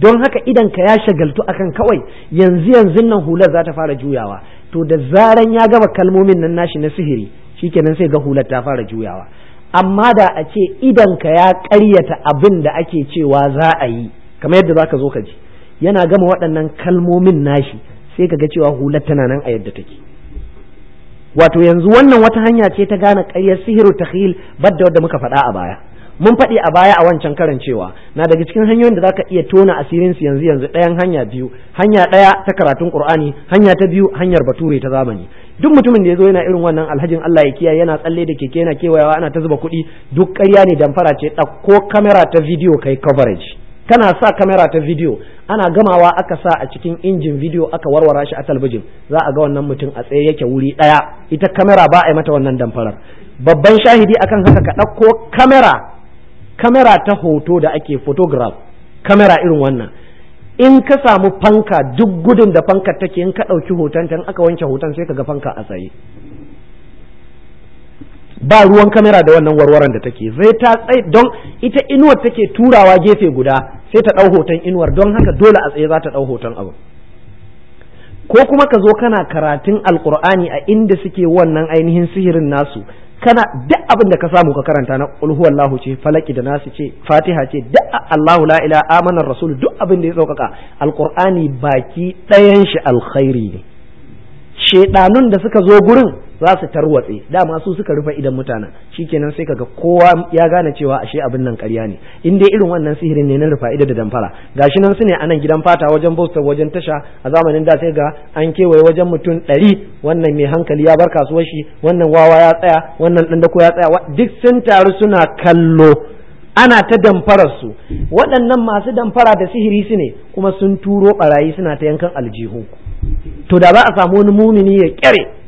don haka idan ka ya shagaltu akan kawai yanzu yanzu nan hular za ta fara juyawa to da zaran ya gama kalmomin nan nashi na sihiri shikenan sai ga hular ta fara juyawa amma da a ce idan ka ya ƙaryata abin da ake cewa za a yi kamar yadda zaka zo ka ji yana gama waɗannan kalmomin nashi sai ka ga cewa hular tana nan a yadda take wato yanzu wannan wata hanya ce ta gane ƙaryar sihiru ta khil badda wadda muka faɗa a baya mun faɗi a baya a wancan karan cewa na daga cikin hanyoyin da zaka iya tona asirin su yanzu yanzu ɗayan hanya biyu hanya ɗaya ta karatun qur'ani hanya ta biyu hanyar bature ta zamani duk mutumin da ya zo yana irin wannan alhajin Allah ya kiyaye yana tsalle da keke yana kewayawa ana ta zuba kuɗi duk ƙarya ne damfara ce ɗauko kamera ta video kai coverage kana sa kamera ta video ana gamawa aka sa a cikin injin video aka warware shi a talbijin za a ga wannan mutum a tsaye yake wuri ɗaya ita kamera ba a yi mata wannan damfarar babban shahidi akan haka ka ɗauko kamera kamera ta hoto da ake photograph kamera irin wannan in ka samu fanka duk gudun da fankar take in ka ɗauki hoton ta aka wanke hoton sai ka ga fanka a tsaye ba ruwan kamera da wannan warwaran da take zai ta tsaye don ita inuwar take turawa gefe guda sai ta ɗau hoton inuwar don haka dole a tsaye za ta ɗau hoton abu ko kuma ka zo kana karatun alkur'ani a inda suke wannan ainihin sihirin nasu kana duk abin da ka samu ka karanta na qul huwallahu ce falaki da nasu ce fatiha ce duk Allahu la ilaha amanar rasul duk abin da ya saukaka alqur'ani baki ɗayan shi alkhairi ne shedanun da suka zo gurin za su tarwatse dama su suka rufe idan mutanen kenan sai kaga kowa ya gane cewa ashe abin nan ƙarya ne in dai irin wannan sihirin ne na rufa ido da damfara gashi nan su ne anan gidan fata wajen bosta wajen tasha a zamanin da sai ga an kewaye wajen mutum ɗari wannan mai hankali ya bar kasuwar shi wannan wawa ya tsaya wannan ɗan ya tsaya duk sun taru suna kallo ana ta damfarar su waɗannan masu damfara da sihiri su ne kuma sun turo ɓarayi suna ta yankan aljihu to da za a samu wani mumini ya ƙyare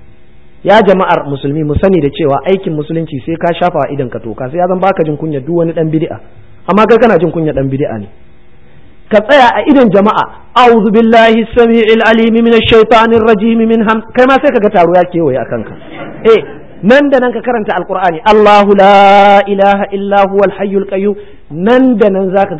ya jama'ar musulmi mu sani da cewa aikin musulunci sai ka shafa wa idan ka toka sai ya zan baka jin kunya duk wani dan bid'a amma kai kana jin kunya dan bid'a ne ka tsaya a idan jama'a a'udhu billahi samii'il alimi minash shaitanir rajim min ham kai ma sai kaga taro ya kewaye akan ka eh nan da nan ka karanta alqur'ani Allahu la ilaha illa huwal hayyul qayyum nan da nan zaka